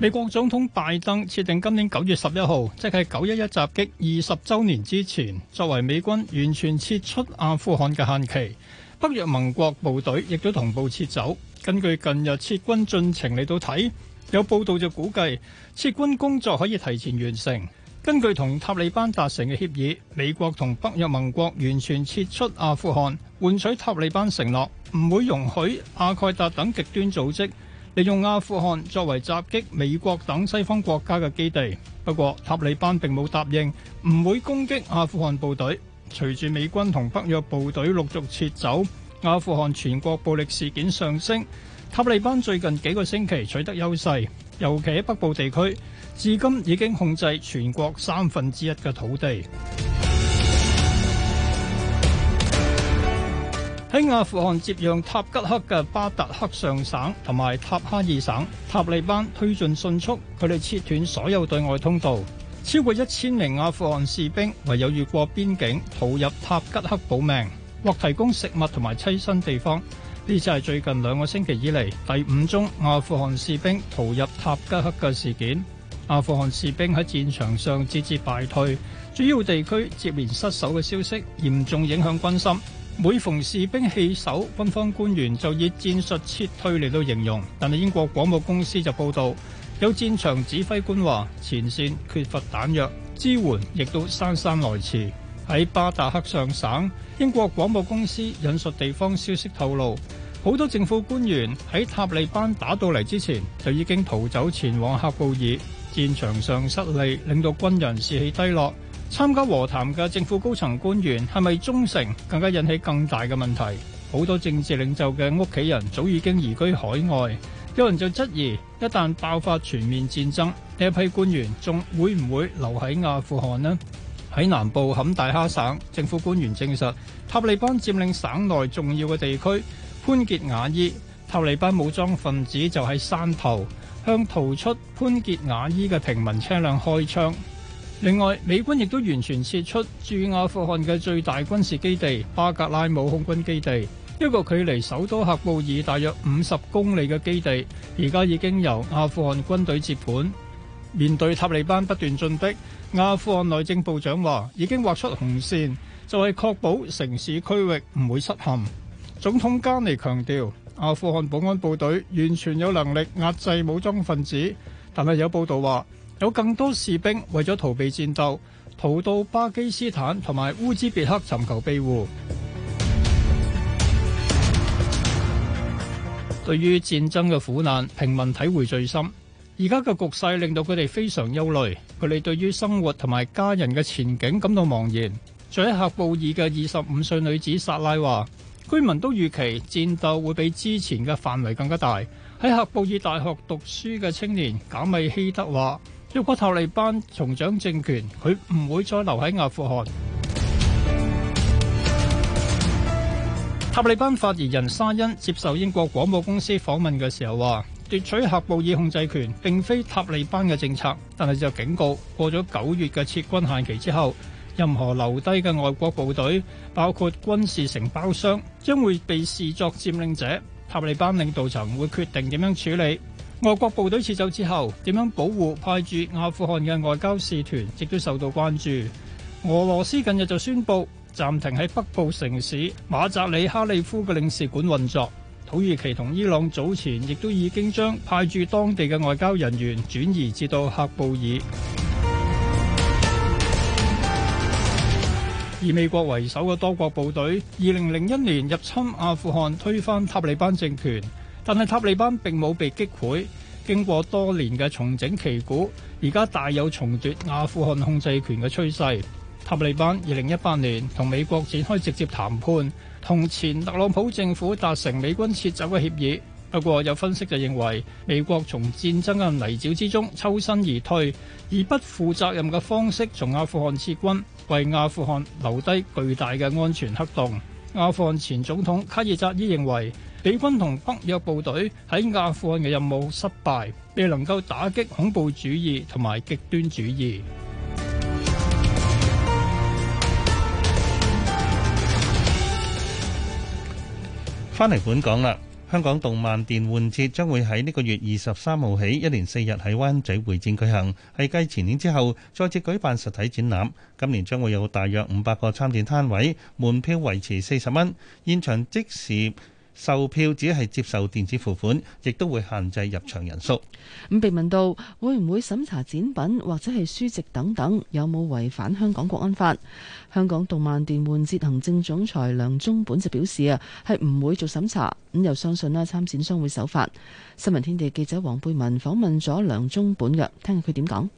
美國總統拜登設定今年九月十一號，即係九一一襲擊二十周年之前，作為美軍完全撤出阿富汗嘅限期。北約盟國部隊亦都同步撤走。根據近日撤軍進程嚟到睇，有報道就估計撤軍工作可以提前完成。根據同塔利班達成嘅協議，美國同北約盟國完全撤出阿富汗，換取塔利班承諾，唔會容許阿蓋達等極端組織。利用阿富汗作為襲擊美國等西方國家嘅基地，不過塔利班並冇答應，唔會攻擊阿富汗部隊。隨住美軍同北約部隊陸續撤走，阿富汗全國暴力事件上升，塔利班最近幾個星期取得優勢，尤其喺北部地區，至今已經控制全國三分之一嘅土地。喺阿富汗接壤塔吉克嘅巴達克尚省同埋塔哈爾省，塔利班推進迅速，佢哋切斷所有對外通道，超過一千名阿富汗士兵唯有越過邊境逃入塔吉克保命，或提供食物同埋棲身地方。呢就係最近兩個星期以嚟第五宗阿富汗士兵逃入塔吉克嘅事件。阿富汗士兵喺戰場上節節敗退，主要地區接連失守嘅消息嚴重影響軍心。每逢士兵棄守，軍方官員就以戰術撤退嚟到形容。但係英國廣播公司就報道，有戰場指揮官話：前線缺乏彈藥，支援亦都姍姍來遲。喺巴達克上省，英國廣播公司引述地方消息透露，好多政府官員喺塔利班打到嚟之前，就已經逃走前往喀布爾。戰場上失利，令到軍人士氣低落。參加和談嘅政府高層官員係咪忠誠，更加引起更大嘅問題。好多政治領袖嘅屋企人早已經移居海外。有人就質疑，一旦爆發全面戰爭，呢一批官員仲會唔會留喺阿富汗呢？喺南部坎大哈省，政府官員證實塔利班佔領省內重要嘅地區潘傑瓦伊。塔利班武裝分子就喺山頭向逃出潘傑瓦伊嘅平民車輛開槍。另外，美軍亦都完全撤出駐阿富汗嘅最大軍事基地巴格拉姆空軍基地，一個距離首都喀布爾大約五十公里嘅基地，而家已經由阿富汗軍隊接盤。面對塔利班不斷進逼，阿富汗內政部長話已經劃出紅線，就係確保城市區域唔會失陷。總統加尼強調，阿富汗保安部隊完全有能力壓制武裝分子，但係有報道話。有更多士兵為咗逃避戰鬥，逃到巴基斯坦同埋烏茲別克尋求庇護。 對於戰爭嘅苦難，平民體會最深。而家嘅局勢令到佢哋非常憂慮，佢哋對於生活同埋家人嘅前景感到茫然。喺喀布爾嘅二十五歲女子薩拉話：居民都預期戰鬥會比之前嘅範圍更加大。喺喀布爾大學讀書嘅青年賈米希德話。如果塔利班重掌政權，佢唔會再留喺阿富汗。塔利班發言人沙欣接受英國廣播公司訪問嘅時候話，奪取喀布爾控制權並非塔利班嘅政策，但係就警告過咗九月嘅撤軍限期之後，任何留低嘅外國部隊，包括軍事承包商，將會被視作佔領者。塔利班領導層會決定點樣處理。外國部隊撤走之後，點樣保護派駐阿富汗嘅外交使團，亦都受到關注。俄羅斯近日就宣布暫停喺北部城市馬扎里哈利夫嘅領事館運作。土耳其同伊朗早前亦都已經將派駐當地嘅外交人員轉移至到喀布爾。以美國為首嘅多國部隊，二零零一年入侵阿富汗，推翻塔利班政權。但係塔利班並冇被擊潰，經過多年嘅重整旗鼓，而家大有重奪阿富汗控制權嘅趨勢。塔利班二零一八年同美國展開直接談判，同前特朗普政府達成美軍撤走嘅協議。不過有分析就認為，美國從戰爭嘅泥沼之中抽身而退，以不負責任嘅方式從阿富汗撤軍，為阿富汗留低巨大嘅安全黑洞。阿富汗前總統卡爾扎伊認為，美軍同北約部隊喺阿富汗嘅任務失敗，未能夠打擊恐怖主義同埋極端主義。翻嚟本港啦。香港動漫電玩節將會喺呢個月二十三號起一連四日喺灣仔會展舉行，係繼前年之後再次舉辦實體展覽。今年將會有大約五百個參展攤位，門票維持四十蚊，現場即時。售票只係接受電子付款，亦都會限制入場人數。咁被、嗯、問到會唔會審查展品或者係書籍等等，有冇違反香港國安法？香港動漫電玩節行政總裁梁中本就表示啊，係唔會做審查。咁又相信啦，參展商會守法。新聞天地記者黃佩文訪問咗梁中本嘅，聽下佢點講？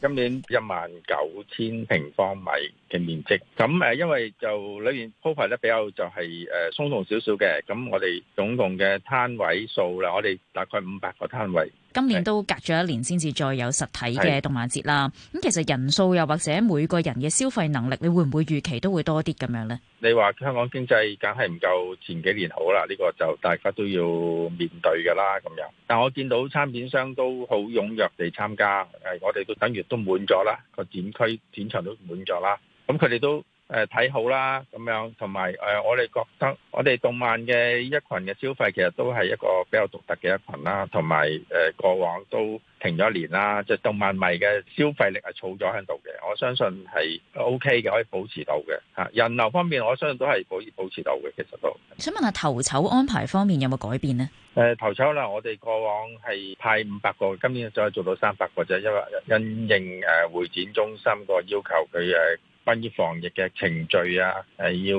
今年一萬九千平方米。嘅面積，咁誒，因為就裏面鋪排咧比較就係誒鬆動少少嘅，咁我哋總共嘅攤位數啦，我哋大概五百個攤位。今年都隔咗一年先至再有實體嘅動漫節啦，咁其實人數又或者每個人嘅消費能力，你會唔會預期都會多啲咁樣咧？你話香港經濟梗係唔夠前幾年好啦，呢個就大家都要面對㗎啦，咁樣。但係我見到參展商都好踴躍地參加，誒，我哋都等於都滿咗啦，個展區展場都滿咗啦。咁佢哋都誒睇好啦，咁樣。同埋誒，我哋覺得我哋動漫嘅一群嘅消費其實都係一個比較獨特嘅一群啦，同埋誒過往都停咗一年啦，即係動漫迷嘅消費力係儲咗喺度嘅，我相信係 OK 嘅，可以保持到嘅嚇。人流方面，我相信都係保保持到嘅，其實都。想問下頭籌安排方面有冇改變呢？誒頭籌啦，我哋過往係派五百個，今年就可以做到三百個啫，因為因應誒會展中心個要求，佢誒。關於防疫嘅程序啊，誒要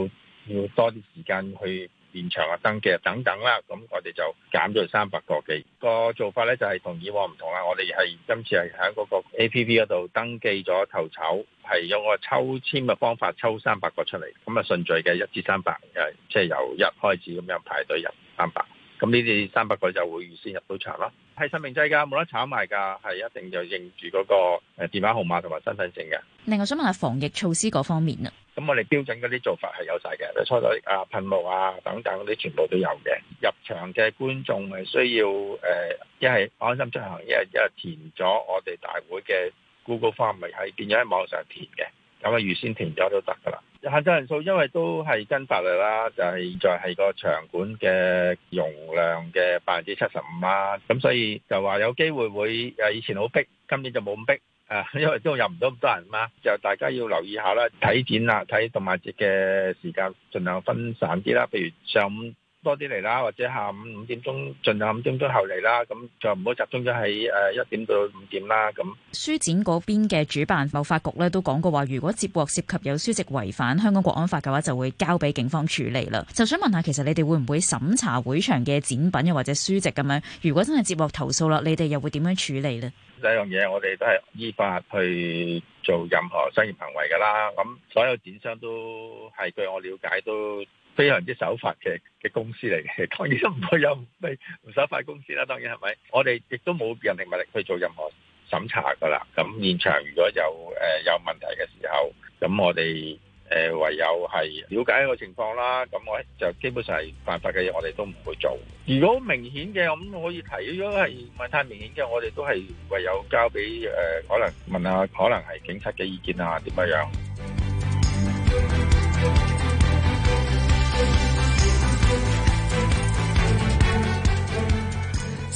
要多啲時間去現場啊登記啊等等啦，咁我哋就減咗三百個嘅，個做法咧，就係同以往唔同啦。我哋係今次係喺嗰個 A P P 嗰度登記咗頭籌，係用個抽籤嘅方法抽三百個出嚟，咁啊順序嘅一至三百誒，即係由一開始咁樣排隊入三百。咁呢啲三百個就會預先入到場咯，係實名制噶，冇得炒賣噶，係一定就認住嗰個誒電話號碼同埋身份證嘅。另外想問下防疫措施嗰方面啊，咁我哋標準嗰啲做法係有晒嘅，初初啊噴霧啊等等嗰啲全部都有嘅。入場嘅觀眾係需要誒，一、呃、係安心出行，一係一係填咗我哋大會嘅 Google form，係係變咗喺網上填嘅。咁啊預先停咗都得噶啦，限制人數，因為都係跟法律啦，就係現在係個場館嘅容量嘅百分之七十五啦。咁所以就話有機會會誒以前好逼，今年就冇咁逼啊，因為都入唔到咁多人嘛，就大家要留意下啦，睇展啦，睇動漫節嘅時間，儘量分散啲啦，譬如上午，多啲嚟啦，或者下午五點鐘，盡量五點鐘後嚟啦，咁就唔好集中咗喺誒一點到五點啦。咁書展嗰邊嘅主辦貿發局咧都講過話，如果接獲涉及有書籍違反香港國安法嘅話，就會交俾警方處理啦。就想問下，其實你哋會唔會審查會場嘅展品又或者書籍咁樣，如果真係接獲投訴啦，你哋又會點樣處理咧？呢樣嘢我哋都係依法去做任何商業行為噶啦。咁所有展商都係據我了解都。非常之守法嘅嘅公司嚟嘅，當然都唔會有唔守法公司啦。當然係咪？我哋亦都冇人力物力去做任何審查噶啦。咁現場如果有誒有問題嘅時候，咁我哋誒唯有係了解一個情況啦。咁我就基本上係犯法嘅嘢，我哋都唔會做。如果明顯嘅，咁可以提咗，係唔係太明顯嘅，我哋都係唯有交俾誒，可能問下可能係警察嘅意見啊，點樣樣。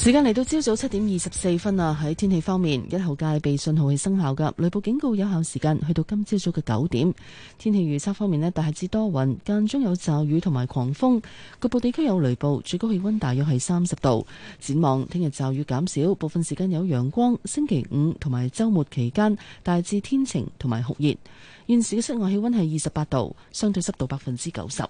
時間嚟到朝早七點二十四分啦。喺天氣方面，一號戒備信號係生效嘅，雷暴警告有效時間去到今朝早嘅九點。天氣預測方面咧，大致多雲，間中有驟雨同埋狂風，局部地區有雷暴，最高氣溫大約係三十度。展望聽日驟雨減少，部分時間有陽光。星期五同埋周末期間大致天晴同埋酷熱。現時嘅室外氣溫係二十八度，相對濕度百分之九十。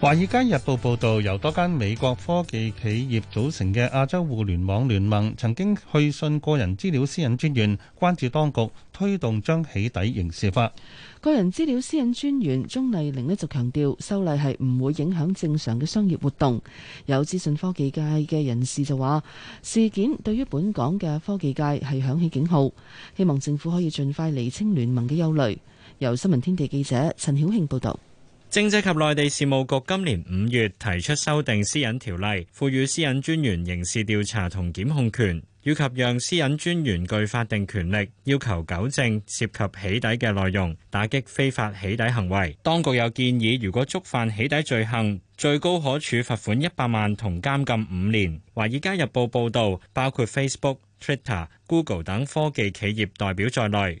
華爾街日報報道，由多間美國科技企業組成嘅亞洲互聯網聯盟，曾經去信個人資料私隱專員，關注當局推動將起底刑事法。個人資料私隱專員鍾麗玲咧就強調，修例係唔會影響正常嘅商業活動。有資訊科技界嘅人士就話，事件對於本港嘅科技界係響起警號，希望政府可以盡快釐清聯盟嘅憂慮。由新聞天地記者陳曉慶報道。政制及內地事務局今年五月提出修訂私隱條例，賦予私隱專員刑事調查同檢控權，以及讓私隱專員具法定權力要求糾正涉及起底嘅內容，打擊非法起底行為。當局又建議，如果觸犯起底罪行，最高可處罰款100萬同監禁五年。華爾街日報報道，包括 Facebook、Twitter、Google 等科技企業代表在內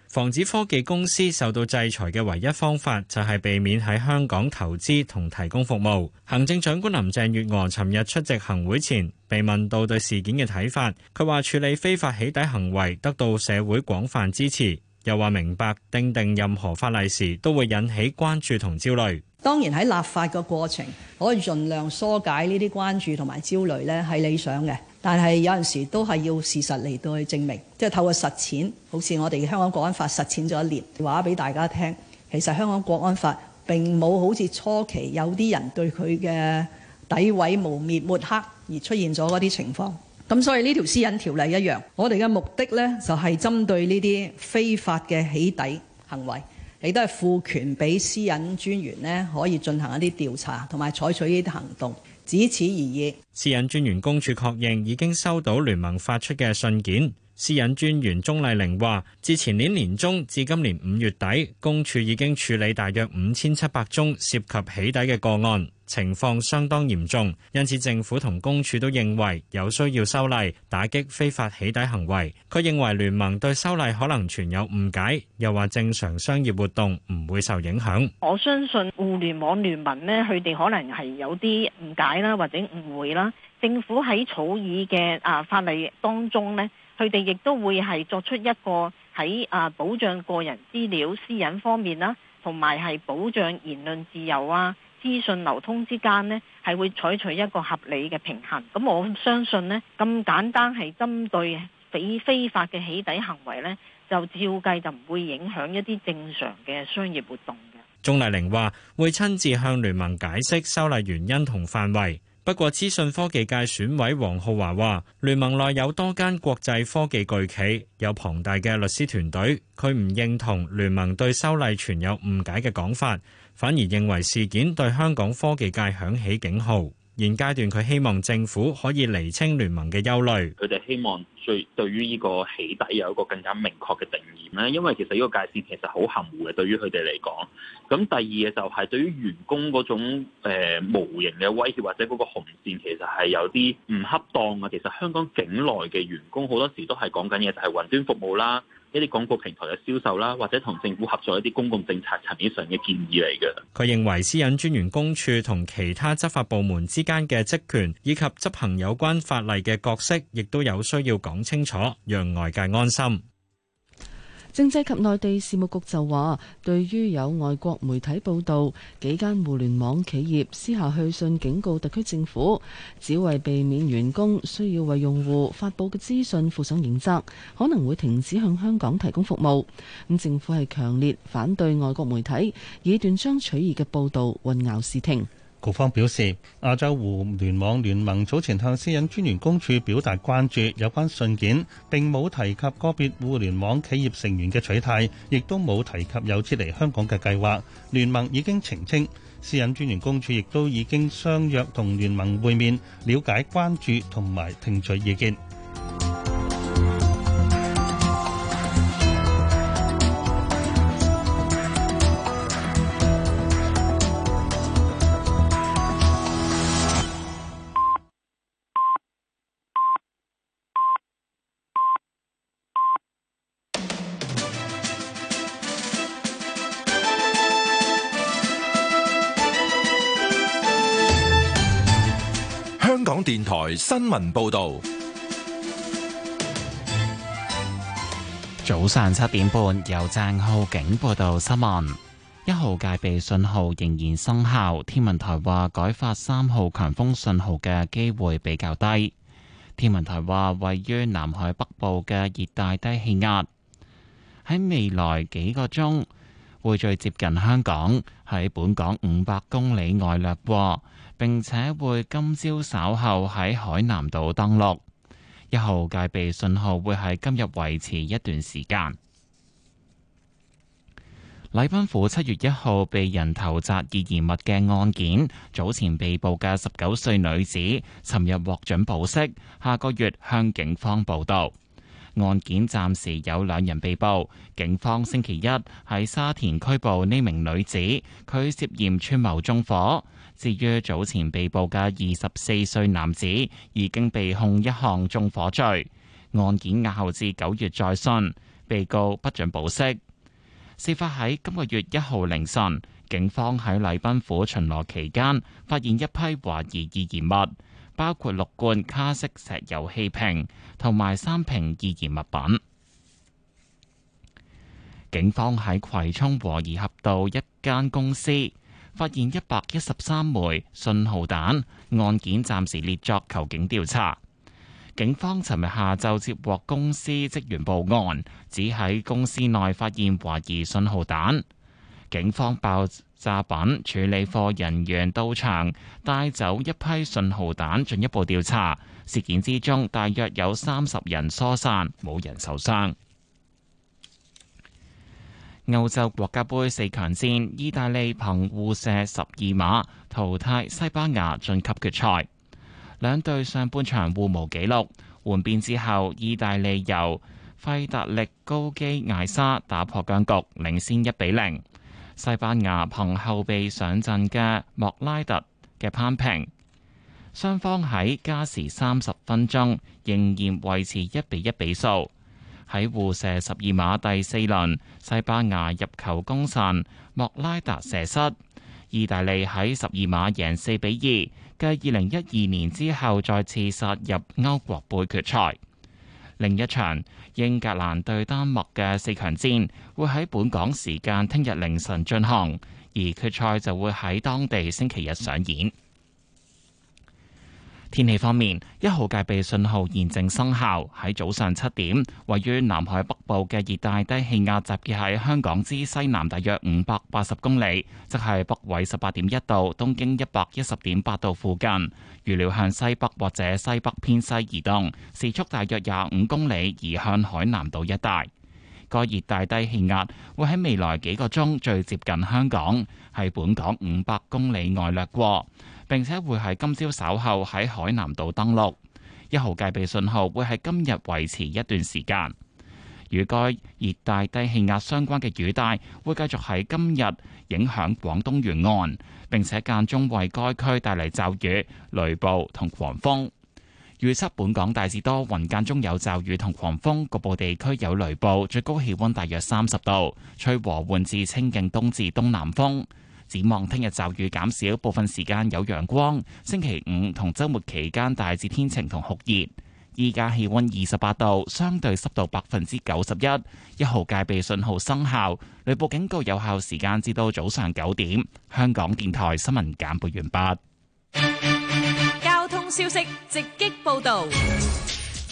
防止科技公司受到制裁嘅唯一方法就係避免喺香港投資同提供服務。行政長官林鄭月娥尋日出席行會前被問到對事件嘅睇法，佢話處理非法起底行為得到社會廣泛支持，又話明白訂定任何法例時都會引起關注同焦慮，當然喺立法嘅過程可以盡量疏解呢啲關注同埋焦慮咧，係理想嘅。但係有陣時都係要事實嚟到去證明，即係透過實踐，好似我哋香港國安法實踐咗一年，話俾大家聽，其實香港國安法並冇好似初期有啲人對佢嘅詆毀、污蔑、抹黑而出現咗嗰啲情況。咁所以呢條私隱條例一樣，我哋嘅目的呢就係針對呢啲非法嘅起底行為，亦都係賦權俾私隱專員呢可以進行一啲調查同埋採取呢啲行動。只此而已。私隱專員公署確認已經收到聯盟發出嘅信件。私隱專員鍾麗玲話，自前年年中至今年五月底，公署已經處理大約五千七百宗涉及起底嘅個案。情況相當嚴重，因此政府同公署都認為有需要修例，打擊非法起底行為。佢認為聯盟對修例可能存有誤解，又話正常商業活動唔會受影響。我相信互聯網聯盟呢，佢哋可能係有啲誤解啦，或者誤會啦。政府喺草擬嘅啊法例當中呢，佢哋亦都會係作出一個喺啊保障個人資料私隱方面啦，同埋係保障言論自由啊。資訊流通之間呢，係會採取一個合理嘅平衡。咁我相信呢，咁簡單係針對非非法嘅起底行為呢，就照計就唔會影響一啲正常嘅商業活動嘅。鍾麗玲話會親自向聯盟解釋修例原因同範圍。不過資訊科技界選委黃浩華話，聯盟內有多間國際科技巨企，有龐大嘅律師團隊，佢唔認同聯盟對修例存有誤解嘅講法。反而認為事件對香港科技界響起警號，現階段佢希望政府可以釐清聯盟嘅憂慮。佢哋希望對對於呢個起底有一個更加明確嘅定義咧，因為其實呢個界線其實好含糊嘅，對於佢哋嚟講。咁第二嘢就係對於員工嗰種模、呃、無形嘅威脅或者嗰個紅線，其實係有啲唔恰當嘅。其實香港境內嘅員工好多時都係講緊嘅就係雲端服務啦。一啲廣告平台嘅銷售啦，或者同政府合作一啲公共政策層面上嘅建議嚟嘅。佢認為私隱專員公署同其他執法部門之間嘅職權，以及執行有關法例嘅角色，亦都有需要講清楚，讓外界安心。政制及內地事務局就話，對於有外國媒體報導幾間互聯網企業私下去信警告特區政府，只為避免員工需要為用戶發布嘅資訊負上刑責，可能會停止向香港提供服務。咁政府係強烈反對外國媒體以斷章取義嘅報導混淆視聽。局方表示，亞洲互聯網聯盟早前向私隱專員公署表達關注有關信件，並冇提及個別互聯網企業成員嘅取態，亦都冇提及有撤離香港嘅計劃。聯盟已經澄清，私隱專員公署亦都已經相約同聯盟會面，了解關注同埋聽取意見。台新聞報道，早上七點半由鄭浩景報道新聞。一號戒備信號仍然生效，天文台話改發三號強風信號嘅機會比較低。天文台話，位於南海北部嘅熱帶低氣壓喺未來幾個鐘會最接近香港，喺本港五百公里外掠過。並且會今朝稍後喺海南島登陸，一號戒備信號會喺今日維持一段時間。禮賓府七月一號被人投擲易燃物嘅案件，早前被捕嘅十九歲女子，尋日獲准保釋，下個月向警方報道。案件暫時有兩人被捕，警方星期一喺沙田拘捕呢名女子，佢涉嫌串謀縱火。至於早前被捕嘅二十四歲男子，已經被控一項縱火罪，案件押後至九月再訊，被告不准保釋。事發喺今個月一號凌晨，警方喺禮賓府巡邏期間，發現一批懷疑易燃物，包括六罐卡式石油氣瓶同埋三瓶易燃物品。警方喺葵涌和宜合道一間公司，發現一百一十三枚信號彈，案件暫時列作求警調查。警方尋日下晝接獲公司職員報案，只喺公司內發現懷疑信號彈。警方爆炸品處理課人員到場，帶走一批信號彈進一步調查。事件之中，大約有三十人疏散，冇人受傷。歐洲國家杯四強戰，意大利憑互射十二碼淘汰西班牙晉級決賽。兩隊上半場互無紀錄，換邊之後，意大利由費達力高基艾沙打破僵局，領先一比零。西班牙憑後備上陣嘅莫拉特嘅攀平，雙方喺加時三十分鐘仍然維持一比一比數。喺互射十二碼第四輪，西班牙入球功臣，莫拉達射失。意大利喺十二碼贏四比二，繼二零一二年之後再次殺入歐國盃決賽。另一場英格蘭對丹麥嘅四強戰會喺本港時間聽日凌晨進行，而決賽就會喺當地星期日上演。天氣方面，一號戒備信號現正生效。喺早上七點，位於南海北部嘅熱帶低氣壓集結喺香港之西南，大約五百八十公里，即係北緯十八點一度，東經一百一十點八度附近。預料向西北或者西北偏西移動，時速大約廿五公里，移向海南島一帶。該熱帶低氣壓會喺未來幾個鐘最接近香港，喺本港五百公里外掠過。並且會喺今朝稍後喺海南島登陸，一號戒備信號會喺今日維持一段時間。與該熱帶低氣壓相關嘅雨帶會繼續喺今日影響廣東沿岸，並且間中為該區帶嚟驟雨、雷暴同狂風。預測本港大致多雲，間中有驟雨同狂風，局部地區有雷暴，最高氣溫大約三十度，吹和緩至清勁東至東南風。展望聽日驟雨減少，部分時間有陽光。星期五同周末期間大致天晴同酷熱。依家氣溫二十八度，相對濕度百分之九十一，一號戒備信號生效，雷暴警告有效時間至到早上九點。香港電台新聞簡報完畢。交通消息直擊報道。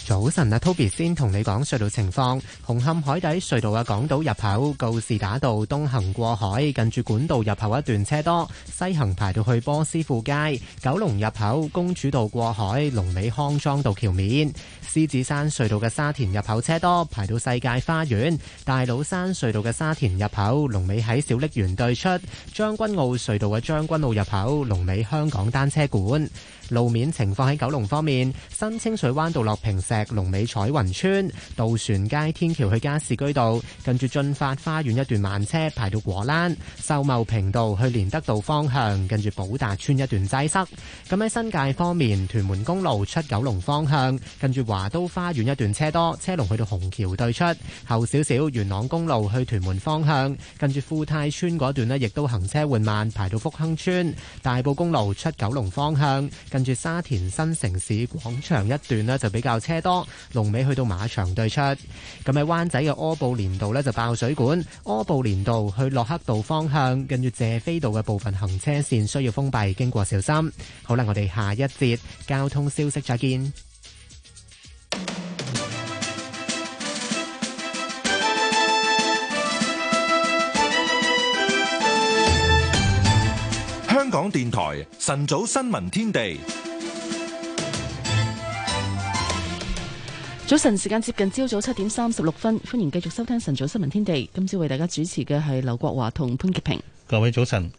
早晨啊，Toby 先同你講隧道情況。紅磡海底隧道嘅港島入口告士打道東行過海，近住管道入口一段車多；西行排到去波斯富街。九龍入口公主道過海，龍尾康莊道橋面。獅子山隧道嘅沙田入口車多，排到世界花園。大老山隧道嘅沙田入口龍尾喺小瀝源對出。將軍澳隧道嘅將軍澳入口龍尾香港單車館。路面情況喺九龍方面，新清水灣道落平，石龍尾彩雲村渡船街天橋去加士居道，跟住駿發花園一段慢車排到果欄；秀茂坪道去連德道方向，跟住寶達邨一段擠塞。咁喺新界方面，屯門公路出九龍方向，跟住華都花園一段車多，車龍去到紅橋對出後少少。元朗公路去屯門方向，跟住富泰邨嗰段呢，亦都行車緩慢，排到福亨村。大埔公路出九龍方向，跟住沙田新城市廣場一段呢，就比較車多龍尾去到馬場對出，咁喺灣仔嘅柯布連道呢就爆水管，柯布連道去洛克道方向，跟住謝斐道嘅部分行車線需要封閉，經過小心。好啦，我哋下一節交通消息再見。香港電台晨早新聞天地。早晨時間接近朝早七點三十六分，歡迎繼續收聽晨早新聞天地。今朝為大家主持嘅係劉國華同潘潔平。各位早晨，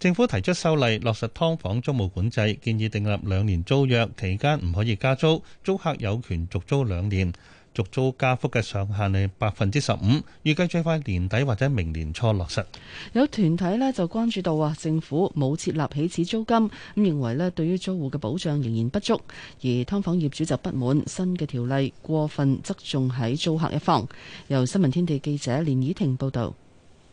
政府提出修例落實劏房租務管制，建議訂立兩年租約，期間唔可以加租，租客有權續租兩年。續租加幅嘅上限係百分之十五，預計最快年底或者明年初落實。有團體呢就關注到話，政府冇設立起始租金，咁認為咧對於租戶嘅保障仍然不足，而劏房業主就不滿新嘅條例過分側重喺租客一方。由新聞天地記者連怡婷報道。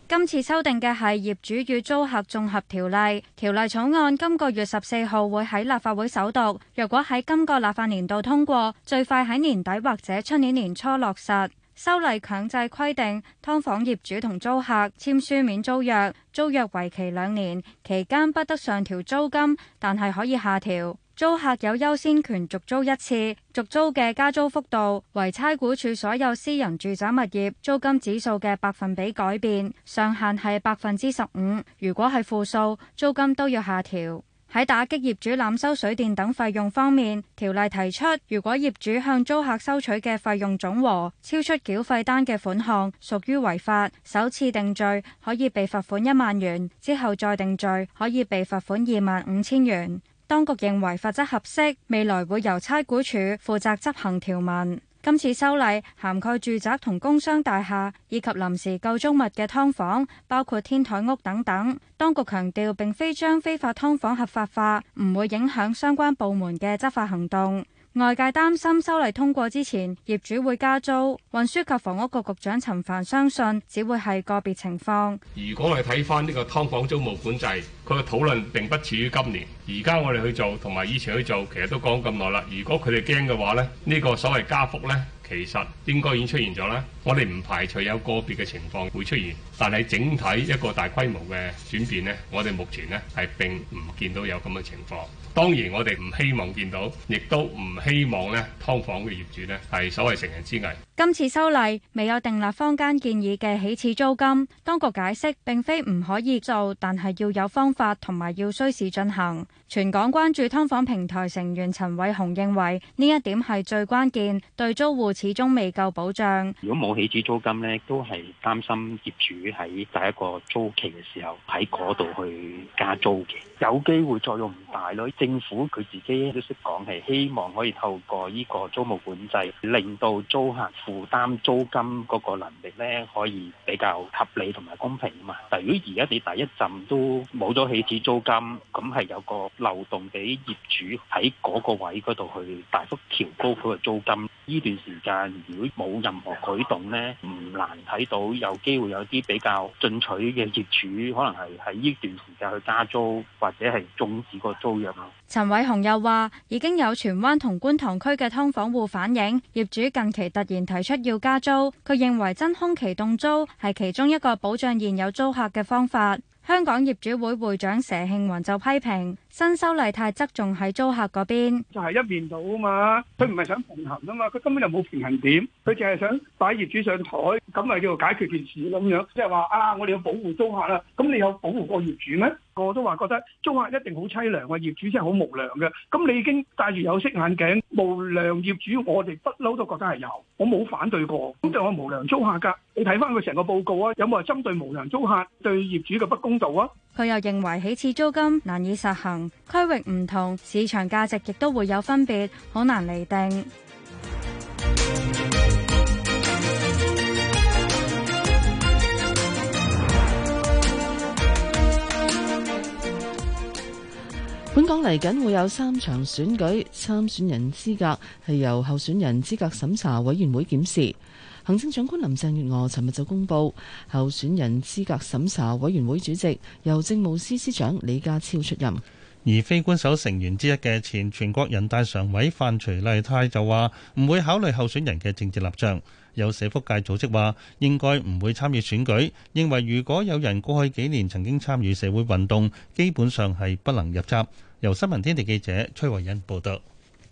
今次修訂嘅係業主與租客綜合條例，條例草案今個月十四號會喺立法會首讀，若果喺今個立法年度通過，最快喺年底或者出年年初落實。修例強制規定，劏房業主同租客簽書面租約，租約為期兩年，期間不得上調租金，但係可以下調。租客有優先權續租一次，續租嘅加租幅度為差估署所有私人住宅物業租金指數嘅百分比改變，上限係百分之十五。如果係負數，租金都要下調。喺打擊業主濫收水電等費用方面，條例提出，如果業主向租客收取嘅費用總和超出繳費單嘅款項，屬於違法。首次定罪可以被罰款一萬元，之後再定罪可以被罰款二萬五千元。當局認為法則合適，未來會由差估署負責執行條文。今次修例涵蓋住宅同工商大廈，以及臨時救築物嘅劏房，包括天台屋等等。當局強調，並非將非法劏房合法化，唔會影響相關部門嘅執法行動。外界擔心修例通過之前業主會加租，運輸及房屋局局，局長陳帆，相信只會係個別情況。如果我哋睇翻呢個劏房租務管制，佢嘅討論並不似於今年。而家我哋去做同埋以，以前去做，其實都講咁耐啦。如果佢哋驚嘅話咧，呢、這個所謂加幅呢，其實應該已經出現咗啦。我哋唔排除有個別嘅情況會出現，但係整體一個大規模嘅轉變呢，我哋目前呢係並唔見到有咁嘅情況。當然，我哋唔希望見到，亦都唔希望呢劏房嘅業主呢係所謂乘人之危。今次修例未有訂立坊間建議嘅起始租金，當局解釋並非唔可以做，但係要有方法同埋要需時進行。全港關注劏房平台成員陳偉雄認為呢一點係最關鍵，對租戶始終未夠保障。如果冇起始租金呢，都係擔心業主喺第一個租期嘅時候喺嗰度去加租嘅，有機會作用唔大咯。政府佢自己都識講，係希望可以透過呢個租務管制，令到租客負擔租金嗰個能力咧，可以比較合理同埋公平啊嘛。但如果而家你第一陣都冇咗起始租金，咁係有個漏洞俾業主喺嗰個位嗰度去大幅調高佢嘅租金。呢段時間如果冇任何舉動咧，唔難睇到有機會有啲比較進取嘅業主，可能係喺呢段時間去加租或者係終止個租約。陳偉雄又話，已經有荃灣同觀塘區嘅劏房戶反映，業主近期突然提出要加租。佢認為真空期凍租係其中一個保障現有租客嘅方法。香港業主會會長佘慶雲就批評。新修例太側重喺租客嗰邊，就係一面倒啊嘛！佢唔係想平衡啊嘛，佢根本就冇平衡點，佢淨係想擺業主上台，咁咪叫做解決件事咁樣。即係話啊，我哋要保護租客啦，咁你有保護過業主咩？個個都話覺得租客一定好淒涼啊，業主真係好無良嘅。咁你已經戴住有色眼鏡，無良業主，我哋不嬲都覺得係有，我冇反對過。咁就係無良租客，你睇翻佢成個報告啊，有冇係針對無良租客對業主嘅不公道啊？佢又認為起始租金難以實行。區域唔同，市場價值亦都會有分別，好難厘定。本港嚟緊會有三場選舉，參選人資格係由候選人資格審查委員會檢視。行政長官林鄭月娥尋日就公布，候選人資格審查委員會主席由政務司司長李家超出任。而非官守成員之一嘅前全國人大常委范徐麗泰就話唔會考慮候選人嘅政治立場，有社福界組織話應該唔會參與選舉，認為如果有人過去幾年曾經參與社會運動，基本上係不能入閘，由新聞天地記者崔慧欣報道。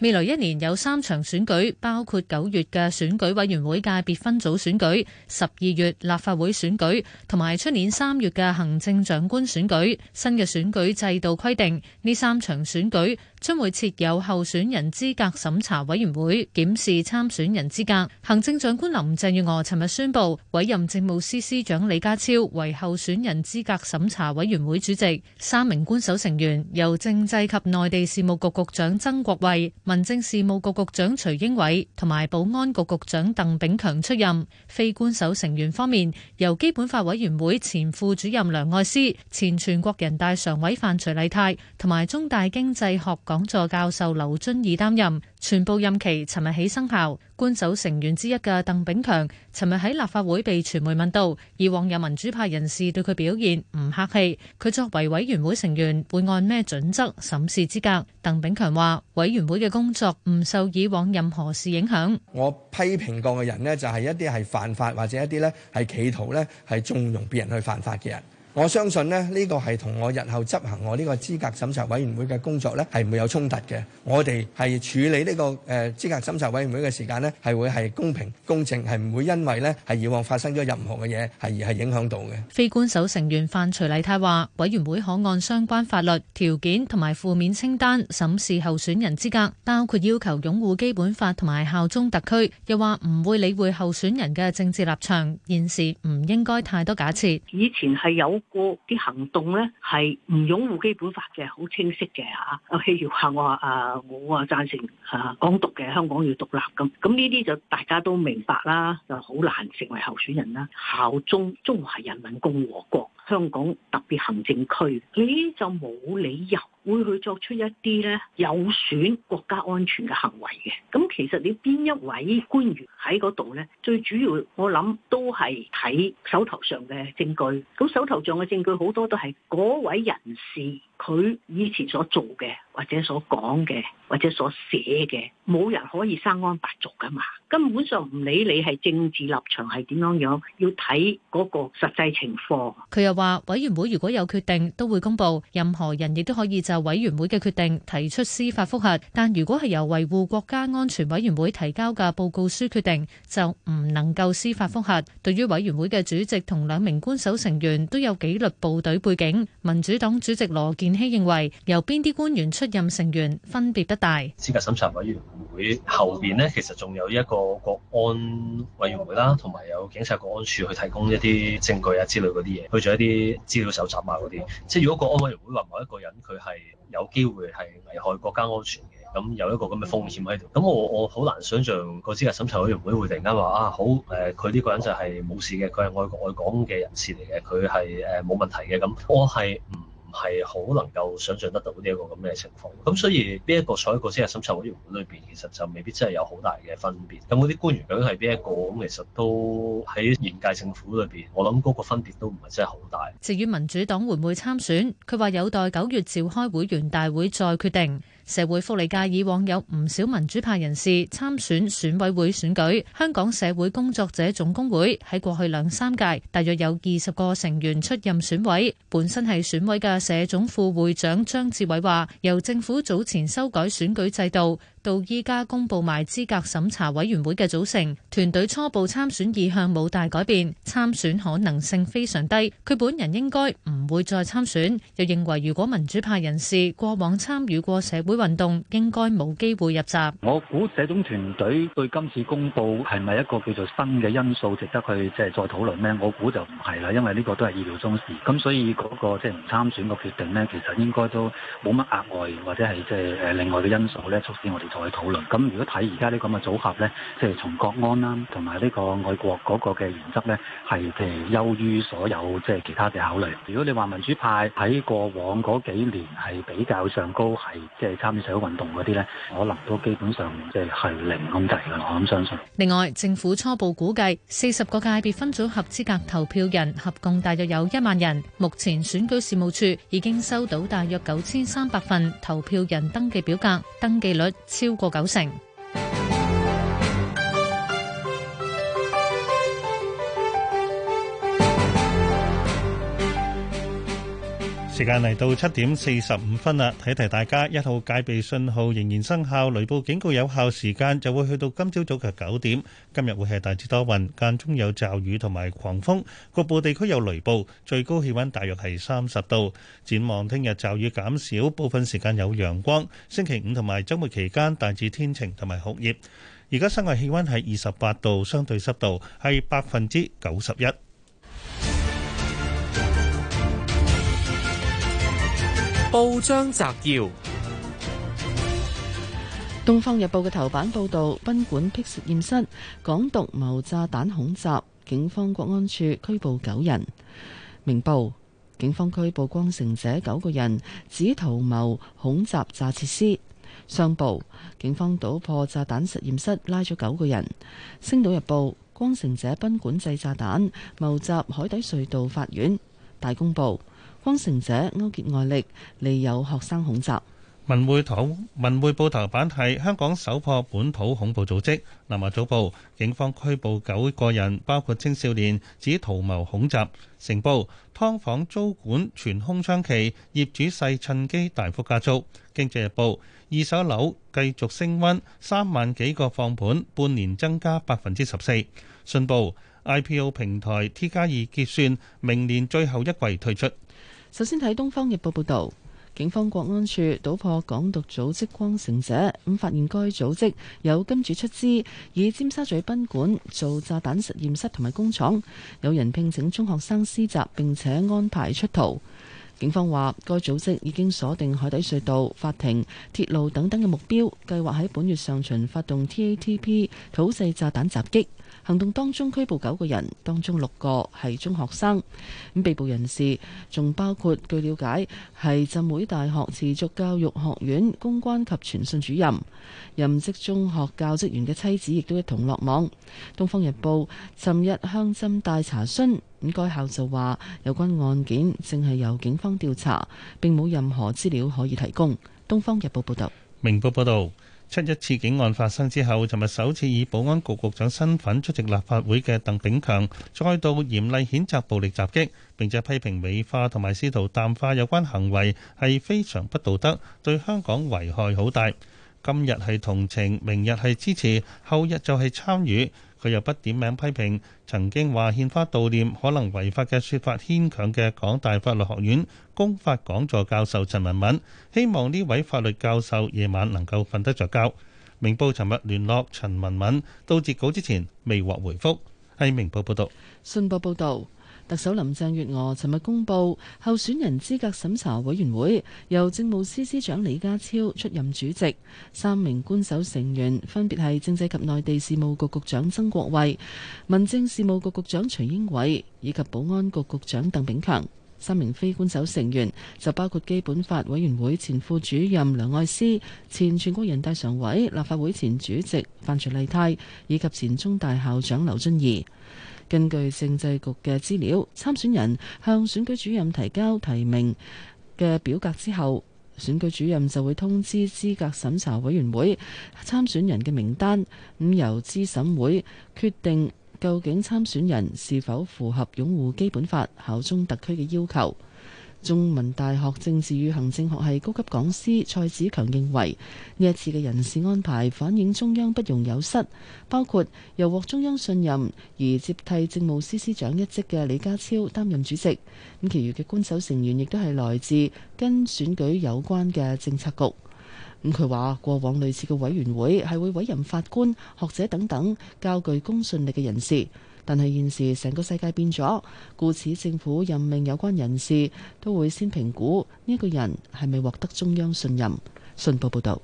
未來一年有三場選舉，包括九月嘅選舉委員會界別分組選舉、十二月立法會選舉，同埋出年三月嘅行政長官選舉。新嘅選舉制度規定，呢三場選舉，將會設有候選人資格審查委員會，檢視參選人資格。行政長官林鄭月娥尋日宣布委任政務司司長李家超為候選人資格審查委員會主席，三名官守成員由政制及內地事務局局長曾國衛、民政事務局局長徐英偉同埋保安局局長鄧炳強出任。非官守成員方面，由基本法委員會前副主任梁愛詩、前全國人大常委范徐麗泰同埋中大經濟學講座教授劉尊宜擔任，全部任期尋日起生效。官守成員之一嘅鄧炳強，尋日喺立法會被傳媒問到，以往有民主派人士對佢表現唔客氣，佢作為委員會成員會按咩準則審視資格？鄧炳強話：委員會嘅工作唔受以往任何事影響。我批評過嘅人咧，就係一啲係犯法或者一啲咧係企圖咧係縱容別人去犯法嘅人。我相信呢，呢個係同我日後執行我呢個資格審查委員會嘅工作咧，係唔會有衝突嘅。我哋係處理呢個誒資格審查委員會嘅時間咧，係會係公平公正，係唔會因為咧係以往發生咗任何嘅嘢係而係影響到嘅。非官守成員范徐麗泰話，委員會可按相關法律條件同埋負面清單審視候選人資格，包括要求擁護基本法同埋效忠特區，又話唔會理會候選人嘅政治立場，現時唔應該太多假設。以前係有。個啲行動咧係唔擁護基本法嘅，好清晰嘅吓。譬如話我話啊，我啊贊成啊港獨嘅，香港要獨立咁。咁呢啲就大家都明白啦，就好難成為候選人啦，效忠中華人民共和國。香港特別行政區，你就冇理由會去作出一啲咧有損國家安全嘅行為嘅。咁其實你邊一位官員喺嗰度咧？最主要我諗都係睇手頭上嘅證據。咁手頭上嘅證據好多都係嗰位人士。佢以前所做嘅，或者所講嘅，或者所寫嘅，冇人可以生安白族噶嘛？根本上唔理你係政治立場係點樣樣，要睇嗰個實際情況。佢又話委員會如果有決定，都會公布。任何人亦都可以就委員會嘅決定提出司法覆核，但如果係由維護國家安全委員會提交嘅報告書決定，就唔能夠司法覆核。對於委員會嘅主席同兩名官守成員都有紀律部隊背景，民主黨主席羅健。認為由邊啲官員出任成員分別不大。資格審查委員會後邊呢，其實仲有一個國安委員會啦，同埋有警察國安處去提供一啲證據啊之類嗰啲嘢，去做一啲資料搜集啊嗰啲。即係如果國安委員會話某一個人佢係有機會係危害國家安全嘅，咁有一個咁嘅風險喺度。咁我我好難想象個資格審查委員會會突然間話啊好誒，佢、呃、呢個人就係冇事嘅，佢係愛國愛港嘅人士嚟嘅，佢係誒冇問題嘅。咁我係唔。係好能夠想象得到呢一個咁嘅情況，咁所以邊一個採決先係審查委員會裏邊，其實就未必真係有好大嘅分別。咁嗰啲官員究竟係邊一個，咁其實都喺現屆政府裏邊，我諗嗰個分別都唔係真係好大。至於民主黨會唔會參選，佢話有待九月召開會員大會再決定。社會福利界以往有唔少民主派人士參選選委會選舉，香港社會工作者總工會喺過去兩三屆，大約有二十個成員出任選委。本身係選委嘅社總副會長張志偉話，由政府早前修改選舉制度，到依家公布埋資格審查委員會嘅組成團隊，初步參選意向冇大改變，參選可能性非常低。佢本人應該唔會再參選。又認為如果民主派人士過往參與過社會運動，應該冇機會入閘。我估呢種團隊對今次公布係咪一個叫做新嘅因素值得去即係再討論咧？我估就唔係啦，因為呢個都係意料中事。咁所以嗰個即係唔參選個決定咧，其實應該都冇乜額外或者係即係誒另外嘅因素咧促使我哋。在討論咁，如果睇而家啲咁嘅組合咧，即係從國安啦，同埋呢個外國嗰個嘅原則咧，係即係優於所有即係其他嘅考慮。如果你話民主派喺過往嗰幾年係比較上高，係即係參與社會運動嗰啲咧，可能都基本上即係係零咁滯啦，我諗相信。另外，政府初步估計四十個界別分組合資格投票人合共大約有一萬人，目前選舉事務處已經收到大約九千三百份投票人登記表格，登記率超過九成。時間嚟到七點四十五分啦，提提大家，一號戒備信號仍然生效，雷暴警告有效時間就會去到今朝早嘅九點。今日會係大致多雲，間中有驟雨同埋狂風，局部地區有雷暴，最高氣溫大約係三十度。展望聽日驟雨減少，部分時間有陽光。星期五同埋週末期間大致天晴同埋酷熱。而家室外氣溫係二十八度，相對濕度係百分之九十一。報章摘要：《東方日報》嘅頭版報道，賓館闢實驗室，港獨謀炸彈恐襲，警方國安處拘捕九人。明報：警方拘捕光城者九個人，指圖謀恐襲炸設施。商報：警方搗破炸彈實驗室，拉咗九個人。星島日報：光城者賓館製炸彈，謀襲海底隧道法院。大公報。光城者勾結外力，利誘學生恐襲。文匯報，文匯報頭版係香港首破本土恐怖組織。南華早報，警方拘捕九個人，包括青少年，指圖謀恐襲。成報，劏房租管存空窗期，業主勢趁機大幅加租。經濟日報，二手樓繼續升溫，三萬幾個放盤，半年增加百分之十四。信報，IPO 平台 T 加二結算，明年最後一季推出。首先睇《東方日報》報道，警方國安處搗破港獨組織光城者，咁發現該組織有金主出資，以尖沙咀賓館做炸彈實驗室同埋工廠，有人聘請中學生施襲，並且安排出逃。警方話，該組織已經鎖定海底隧道、法庭、鐵路等等嘅目標，計劃喺本月上旬發動 TATP 土製炸彈襲擊。行動當中拘捕九個人，當中六個係中學生。咁被捕人士仲包括據了解係浸會大學持續教育學院公關及傳訊主任，任職中學教職員嘅妻子亦都一同落網。《東方日報》尋日向浸大查詢，咁該校就話有關案件正係由警方調查，並冇任何資料可以提供。《東方日報》報道。明報報導。七一次警案發生之後，尋日首次以保安局局長身份出席立法會嘅鄧炳強再度嚴厲譴責暴力襲擊，並且批評美化同埋試圖淡化有關行為，係非常不道德，對香港危害好大。今日係同情，明日係支持，後日就係參與。佢又不點名批評曾經話獻花悼念可能違法嘅說法牽強嘅港大法律學院公法講座教授陳文敏，希望呢位法律教授夜晚能夠瞓得着覺。明報尋日聯絡陳文敏，到截稿之前未獲回覆。係明報報道。信報報導。特首林鄭月娥尋日公布候選人資格審查委員會，由政務司司長李家超出任主席，三名官守成員分別係政制及內地事務局局長曾國衛、民政事務局局長徐英偉以及保安局局長鄧炳強。三名非官守成員就包括基本法委員會前副主任梁愛詩、前全國人大常委、立法會前主席范徐麗泰以及前中大校長劉遵義。根據政制局嘅資料，參選人向選舉主任提交提名嘅表格之後，選舉主任就會通知資格審查委員會參選人嘅名單，咁由資審會決定究竟參選人是否符合擁護基本法、效忠特區嘅要求。中文大學政治與行政學系高級講師蔡子強認為，呢一次嘅人事安排反映中央不容有失，包括由獲中央信任而接替政務司司長一職嘅李家超擔任主席，咁，其餘嘅官守成員亦都係來自跟選舉有關嘅政策局。咁佢話，過往類似嘅委員會係會委任法官、學者等等較具公信力嘅人士。但係現時成個世界變咗，故此政府任命有關人士都會先評估呢個人係咪獲得中央信任。信報報道，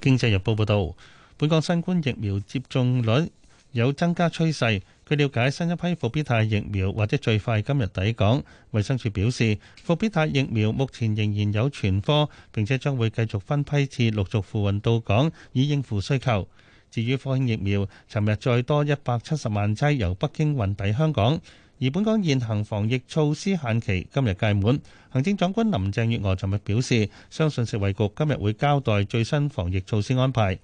經濟日報報道本港新冠疫苗接種率有增加趨勢，據了解，新一批復必泰疫苗，或者最快今日抵港。衛生署表示，復必泰疫苗目前仍然有全科，並且將會繼續分批次陸續付運到港，以應付需求。至於科興疫苗，尋日再多一百七十萬劑由北京運抵香港，而本港現行防疫措施限期今日屆滿。行政長官林鄭月娥尋日表示，相信食衛局今日會交代最新防疫措施安排。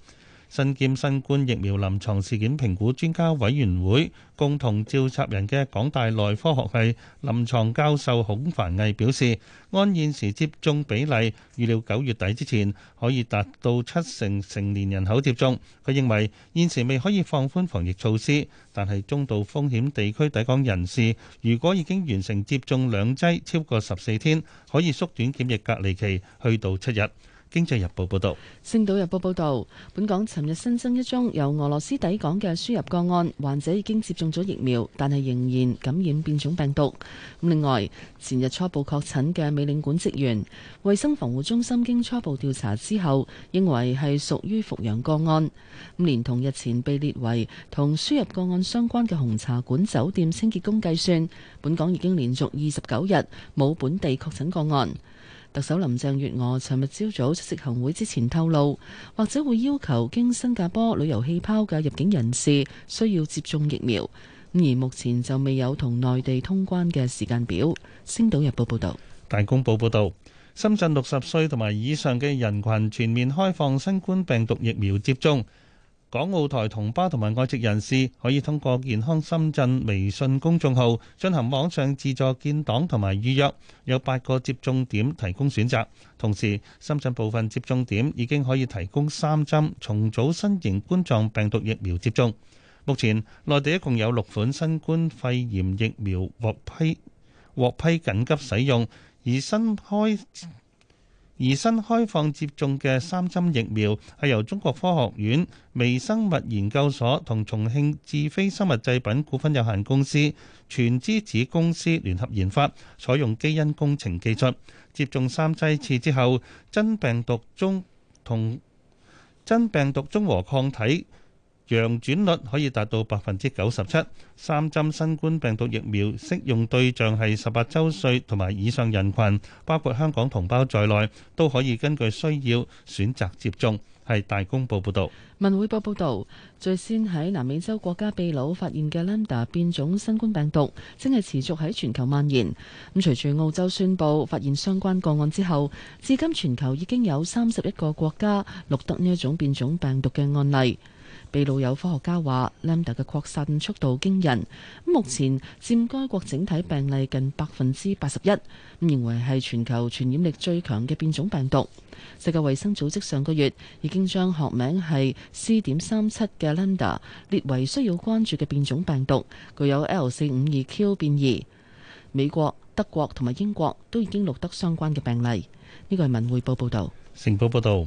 新兼新冠疫苗臨床事件評估專家委員會共同召集人嘅港大內科學系臨床教授孔凡毅表示，按現時接種比例，預料九月底之前可以達到七成成年人口接種，佢認為現時未可以放寬防疫措施，但係中度風險地區抵港人士如果已經完成接種兩劑超過十四天，可以縮短檢疫隔離期去到七日。《經濟日報》報導，《星島日報》報導，本港尋日新增一宗由俄羅斯抵港嘅輸入個案，患者已經接種咗疫苗，但係仍然感染變種病毒。另外，前日初步確診嘅美領館職員，衛生防護中心經初步調查之後，認為係屬於復陽個案。咁連同日前被列為同輸入個案相關嘅紅茶館酒店清潔工計算，本港已經連續二十九日冇本地確診個案。特首林鄭月娥尋日朝早出席行會之前透露，或者會要求經新加坡旅遊氣泡嘅入境人士需要接種疫苗，咁而目前就未有同內地通關嘅時間表。星島日報報道，大公報報道，深圳六十歲同埋以上嘅人群全面開放新冠病毒疫苗接種。港澳台同胞同埋外籍人士可以通過健康深圳微信公眾號進行網上自助建檔同埋預約，有八個接種點提供選擇。同時，深圳部分接種點已經可以提供三針重組新型冠狀病毒疫苗接種。目前，內地一共有六款新冠肺炎疫苗獲批獲批緊急使用，而新開而新開放接種嘅三針疫苗係由中國科學院微生物研究所同重慶智飛生物製品股份有限公司全資子公司聯合研發，採用基因工程技術。接種三劑次之後，真病毒中同真病毒中和抗體。陽轉率可以達到百分之九十七。三針新冠病毒疫苗適用對象係十八周歲同埋以上人群，包括香港同胞在內，都可以根據需要選擇接種。係大公報報道，文匯報報道。最先喺南美洲國家秘魯發現嘅 Lambda 變種新冠病毒，正係持續喺全球蔓延。咁，隨住澳洲宣布發現相關個案之後，至今全球已經有三十一個國家錄得呢一種變種病毒嘅案例。秘魯有科學家話，Lambda 嘅擴散速度驚人，目前佔該國整體病例近百分之八十一，咁認為係全球傳染力最強嘅變種病毒。世界衛生組織上個月已經將學名係 C 點三七嘅 Lambda 列為需要關注嘅變種病毒，具有 L 四五二 Q 變異。美國、德國同埋英國都已經錄得相關嘅病例。呢個係文匯報報導，成報報導。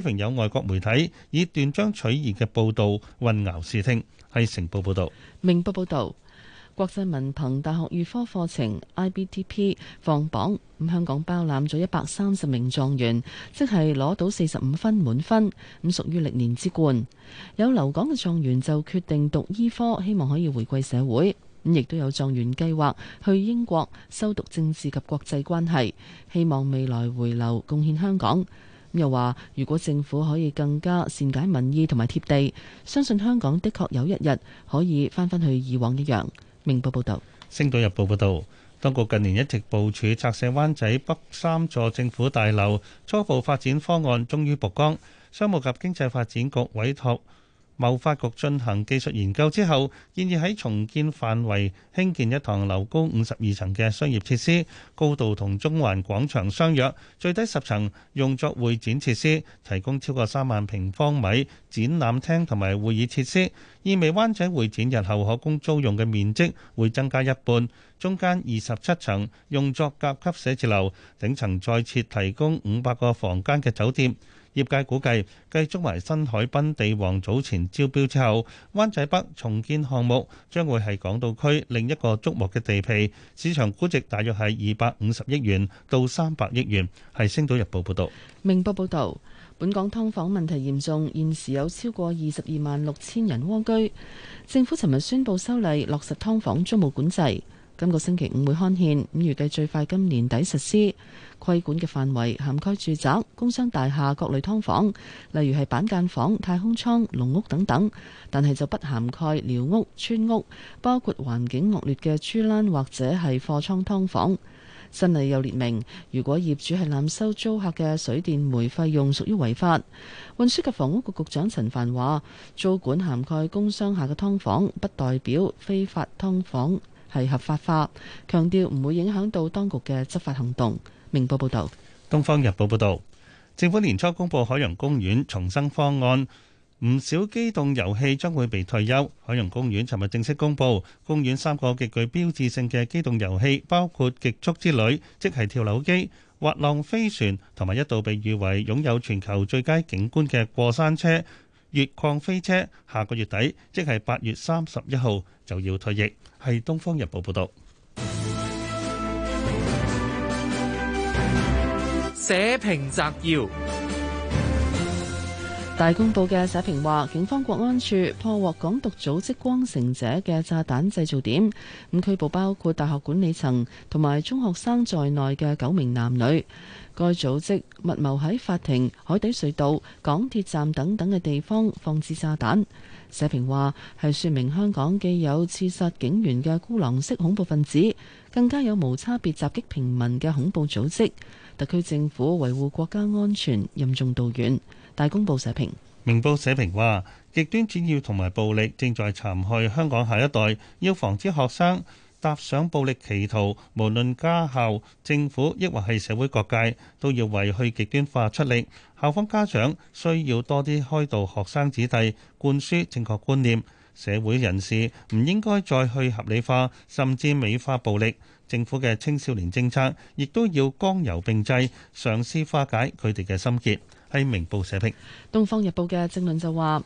有外國媒體以斷章取義嘅報道混淆視聽。係成報，報道，明報報道，國際文憑大學預科課程 IBDP 放榜，咁香港包攬咗一百三十名狀元，即係攞到四十五分滿分，咁屬於歷年之冠。有留港嘅狀元就決定讀醫科，希望可以回饋社會。咁亦都有狀元計劃去英國修讀政治及國際關係，希望未來回流貢獻香港。又話，如果政府可以更加善解民意同埋貼地，相信香港的確有一日可以翻返去以往一樣。明報報道，《星島日報》報道，當局近年一直部署拆卸灣仔北三座政府大樓，初步發展方案終於曝光。商務及經濟發展局委託，貿發局進行技術研究之後，建議喺重建範圍興建一幢樓高五十二層嘅商業設施，高度同中環廣場相若，最低十層用作會展設施，提供超過三萬平方米展覽廳同埋會議設施，意味灣仔會展日後可供租用嘅面積會增加一半。中間二十七層用作甲級寫字樓，頂層再設提供五百個房間嘅酒店。業界估計，繼中環新海濱地王早前招標之後，灣仔北重建項目將會係港島區另一個矚目嘅地皮，市場估值大約係二百五十億元到三百億元。係《星島日報》報導，《明報》報導，本港劏房問題嚴重，現時有超過二十二萬六千人蝸居。政府尋日宣布修例，落實劏房租務管制，今個星期五會刊憲，預計最快今年底實施。規管嘅範圍涵蓋住宅、工商大廈各類劏房，例如係板間房、太空艙、籠屋等等。但係就不涵蓋寮屋、村屋，包括環境惡劣嘅豬欄或者係貨倉劏房。新例又列明，如果業主係濫收租客嘅水電煤費用，屬於違法。運輸及房屋局局長陳帆話：租管涵蓋工商下嘅劏房，不代表非法㓥房係合法化，強調唔會影響到當局嘅執法行動。明報報道，東方日報報道，政府年初公布海洋公園重生方案，唔少機動遊戲將會被退休。海洋公園尋日正式公布，公園三個極具標誌性嘅機動遊戲，包括極速之旅，即係跳樓機、滑浪飛船，同埋一度被譽為擁有全球最佳景觀嘅過山車越礦飛車，下個月底，即係八月三十一號就要退役。係東方日報報道。社評摘要。大公報嘅社評話，警方國安處破獲港獨組織光城者嘅炸彈製造點，咁拘捕包括大學管理層同埋中學生在內嘅九名男女。該組織密謀喺法庭、海底隧道、港鐵站等等嘅地方放置炸彈。社評話，係說明香港既有刺殺警員嘅孤狼式恐怖分子，更加有無差別襲擊平民嘅恐怖組織。特區政府維護國家安全任重道遠。大公報社評，明報社評話，極端主義同埋暴力正在殘害香港下一代，要防止學生踏上暴力歧途。無論家校、政府，抑或係社會各界，都要為去極端化出力。校方家長需要多啲開導學生子弟，灌輸正確觀念。社會人士唔應該再去合理化甚至美化暴力，政府嘅青少年政策亦都要剛柔並濟，嘗試化解佢哋嘅心結。喺明報社評，《東方日報》嘅正論就話。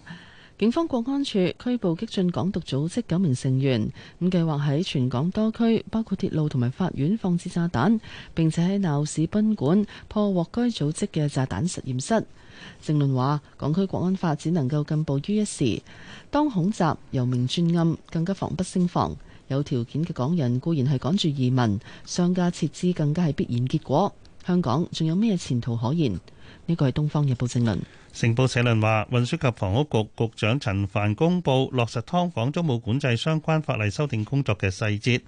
警方國安處拘捕激進港獨組織九名成員，咁計劃喺全港多區，包括鐵路同埋法院放置炸彈，並且喺鬧市賓館破獲該組織嘅炸彈實驗室。政論話，港區國安法只能夠進步於一時，當恐襲由明轉暗，更加防不勝防。有條件嘅港人固然係趕住移民，商家撤資更加係必然結果。香港仲有咩前途可言？呢個係《東方日報》政論。成報社論話，運輸及房屋局局長陳帆公佈落實劏房租務管制相關法例修訂工作嘅細節，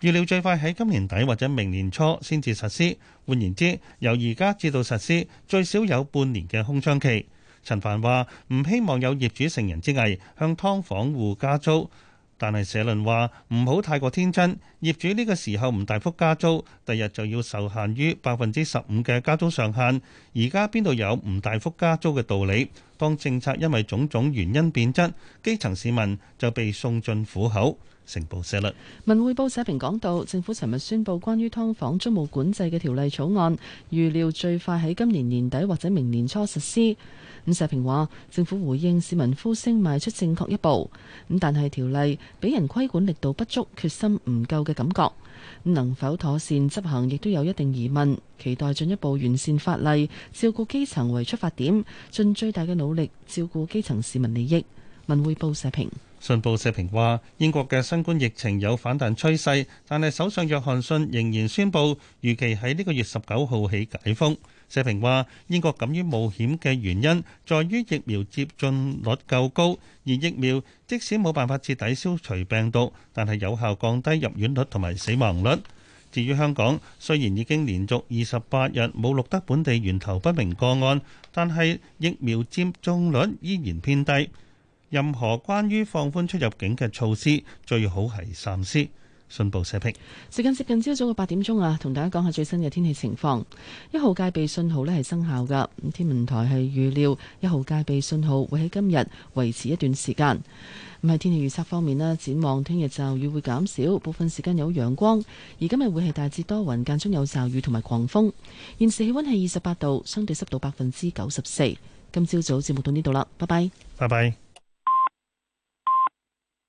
預料最快喺今年底或者明年初先至實施。換言之，由而家至到實施，最少有半年嘅空窗期。陳帆話：唔希望有業主成人之危，向劏房戶加租。但係社論話唔好太過天真，業主呢個時候唔大幅加租，第日就要受限於百分之十五嘅加租上限。而家邊度有唔大幅加租嘅道理？當政策因為種種原因變質，基層市民就被送進虎口。成報社論，文匯報社評講到，政府尋日宣佈關於劏房租務管制嘅條例草案，預料最快喺今年年底或者明年初實施。咁社評話，政府回應市民呼聲，邁出正確一步。咁但係條例俾人規管力度不足，決心唔夠嘅感覺。能否妥善執行，亦都有一定疑問。期待進一步完善法例，照顧基層為出發點，盡最大嘅努力照顧基層市民利益。文匯報社評。信報社評話，英國嘅新冠疫情有反彈趨勢，但係首相約翰遜仍然宣布，預期喺呢個月十九號起解封。社評話：英國敢於冒險嘅原因，在於疫苗接種率夠高，而疫苗即使冇辦法徹底消除病毒，但係有效降低入院率同埋死亡率。至於香港，雖然已經連續二十八日冇錄得本地源頭不明個案，但係疫苗接種率依然偏低。任何關於放寬出入境嘅措施，最好係三思。信報社評時間，接近朝早嘅八點鐘啊，同大家講下最新嘅天氣情況。一號戒備信號呢係生效㗎。天文台係預料一號戒備信號會喺今日維持一段時間。咁喺天氣預測方面呢，展望聽日驟雨會減少，部分時間有陽光。而今日會係大致多雲，間中有驟雨同埋狂風。現時氣温係二十八度，相對濕度百分之九十四。今朝早節目到呢度啦，拜拜。拜拜。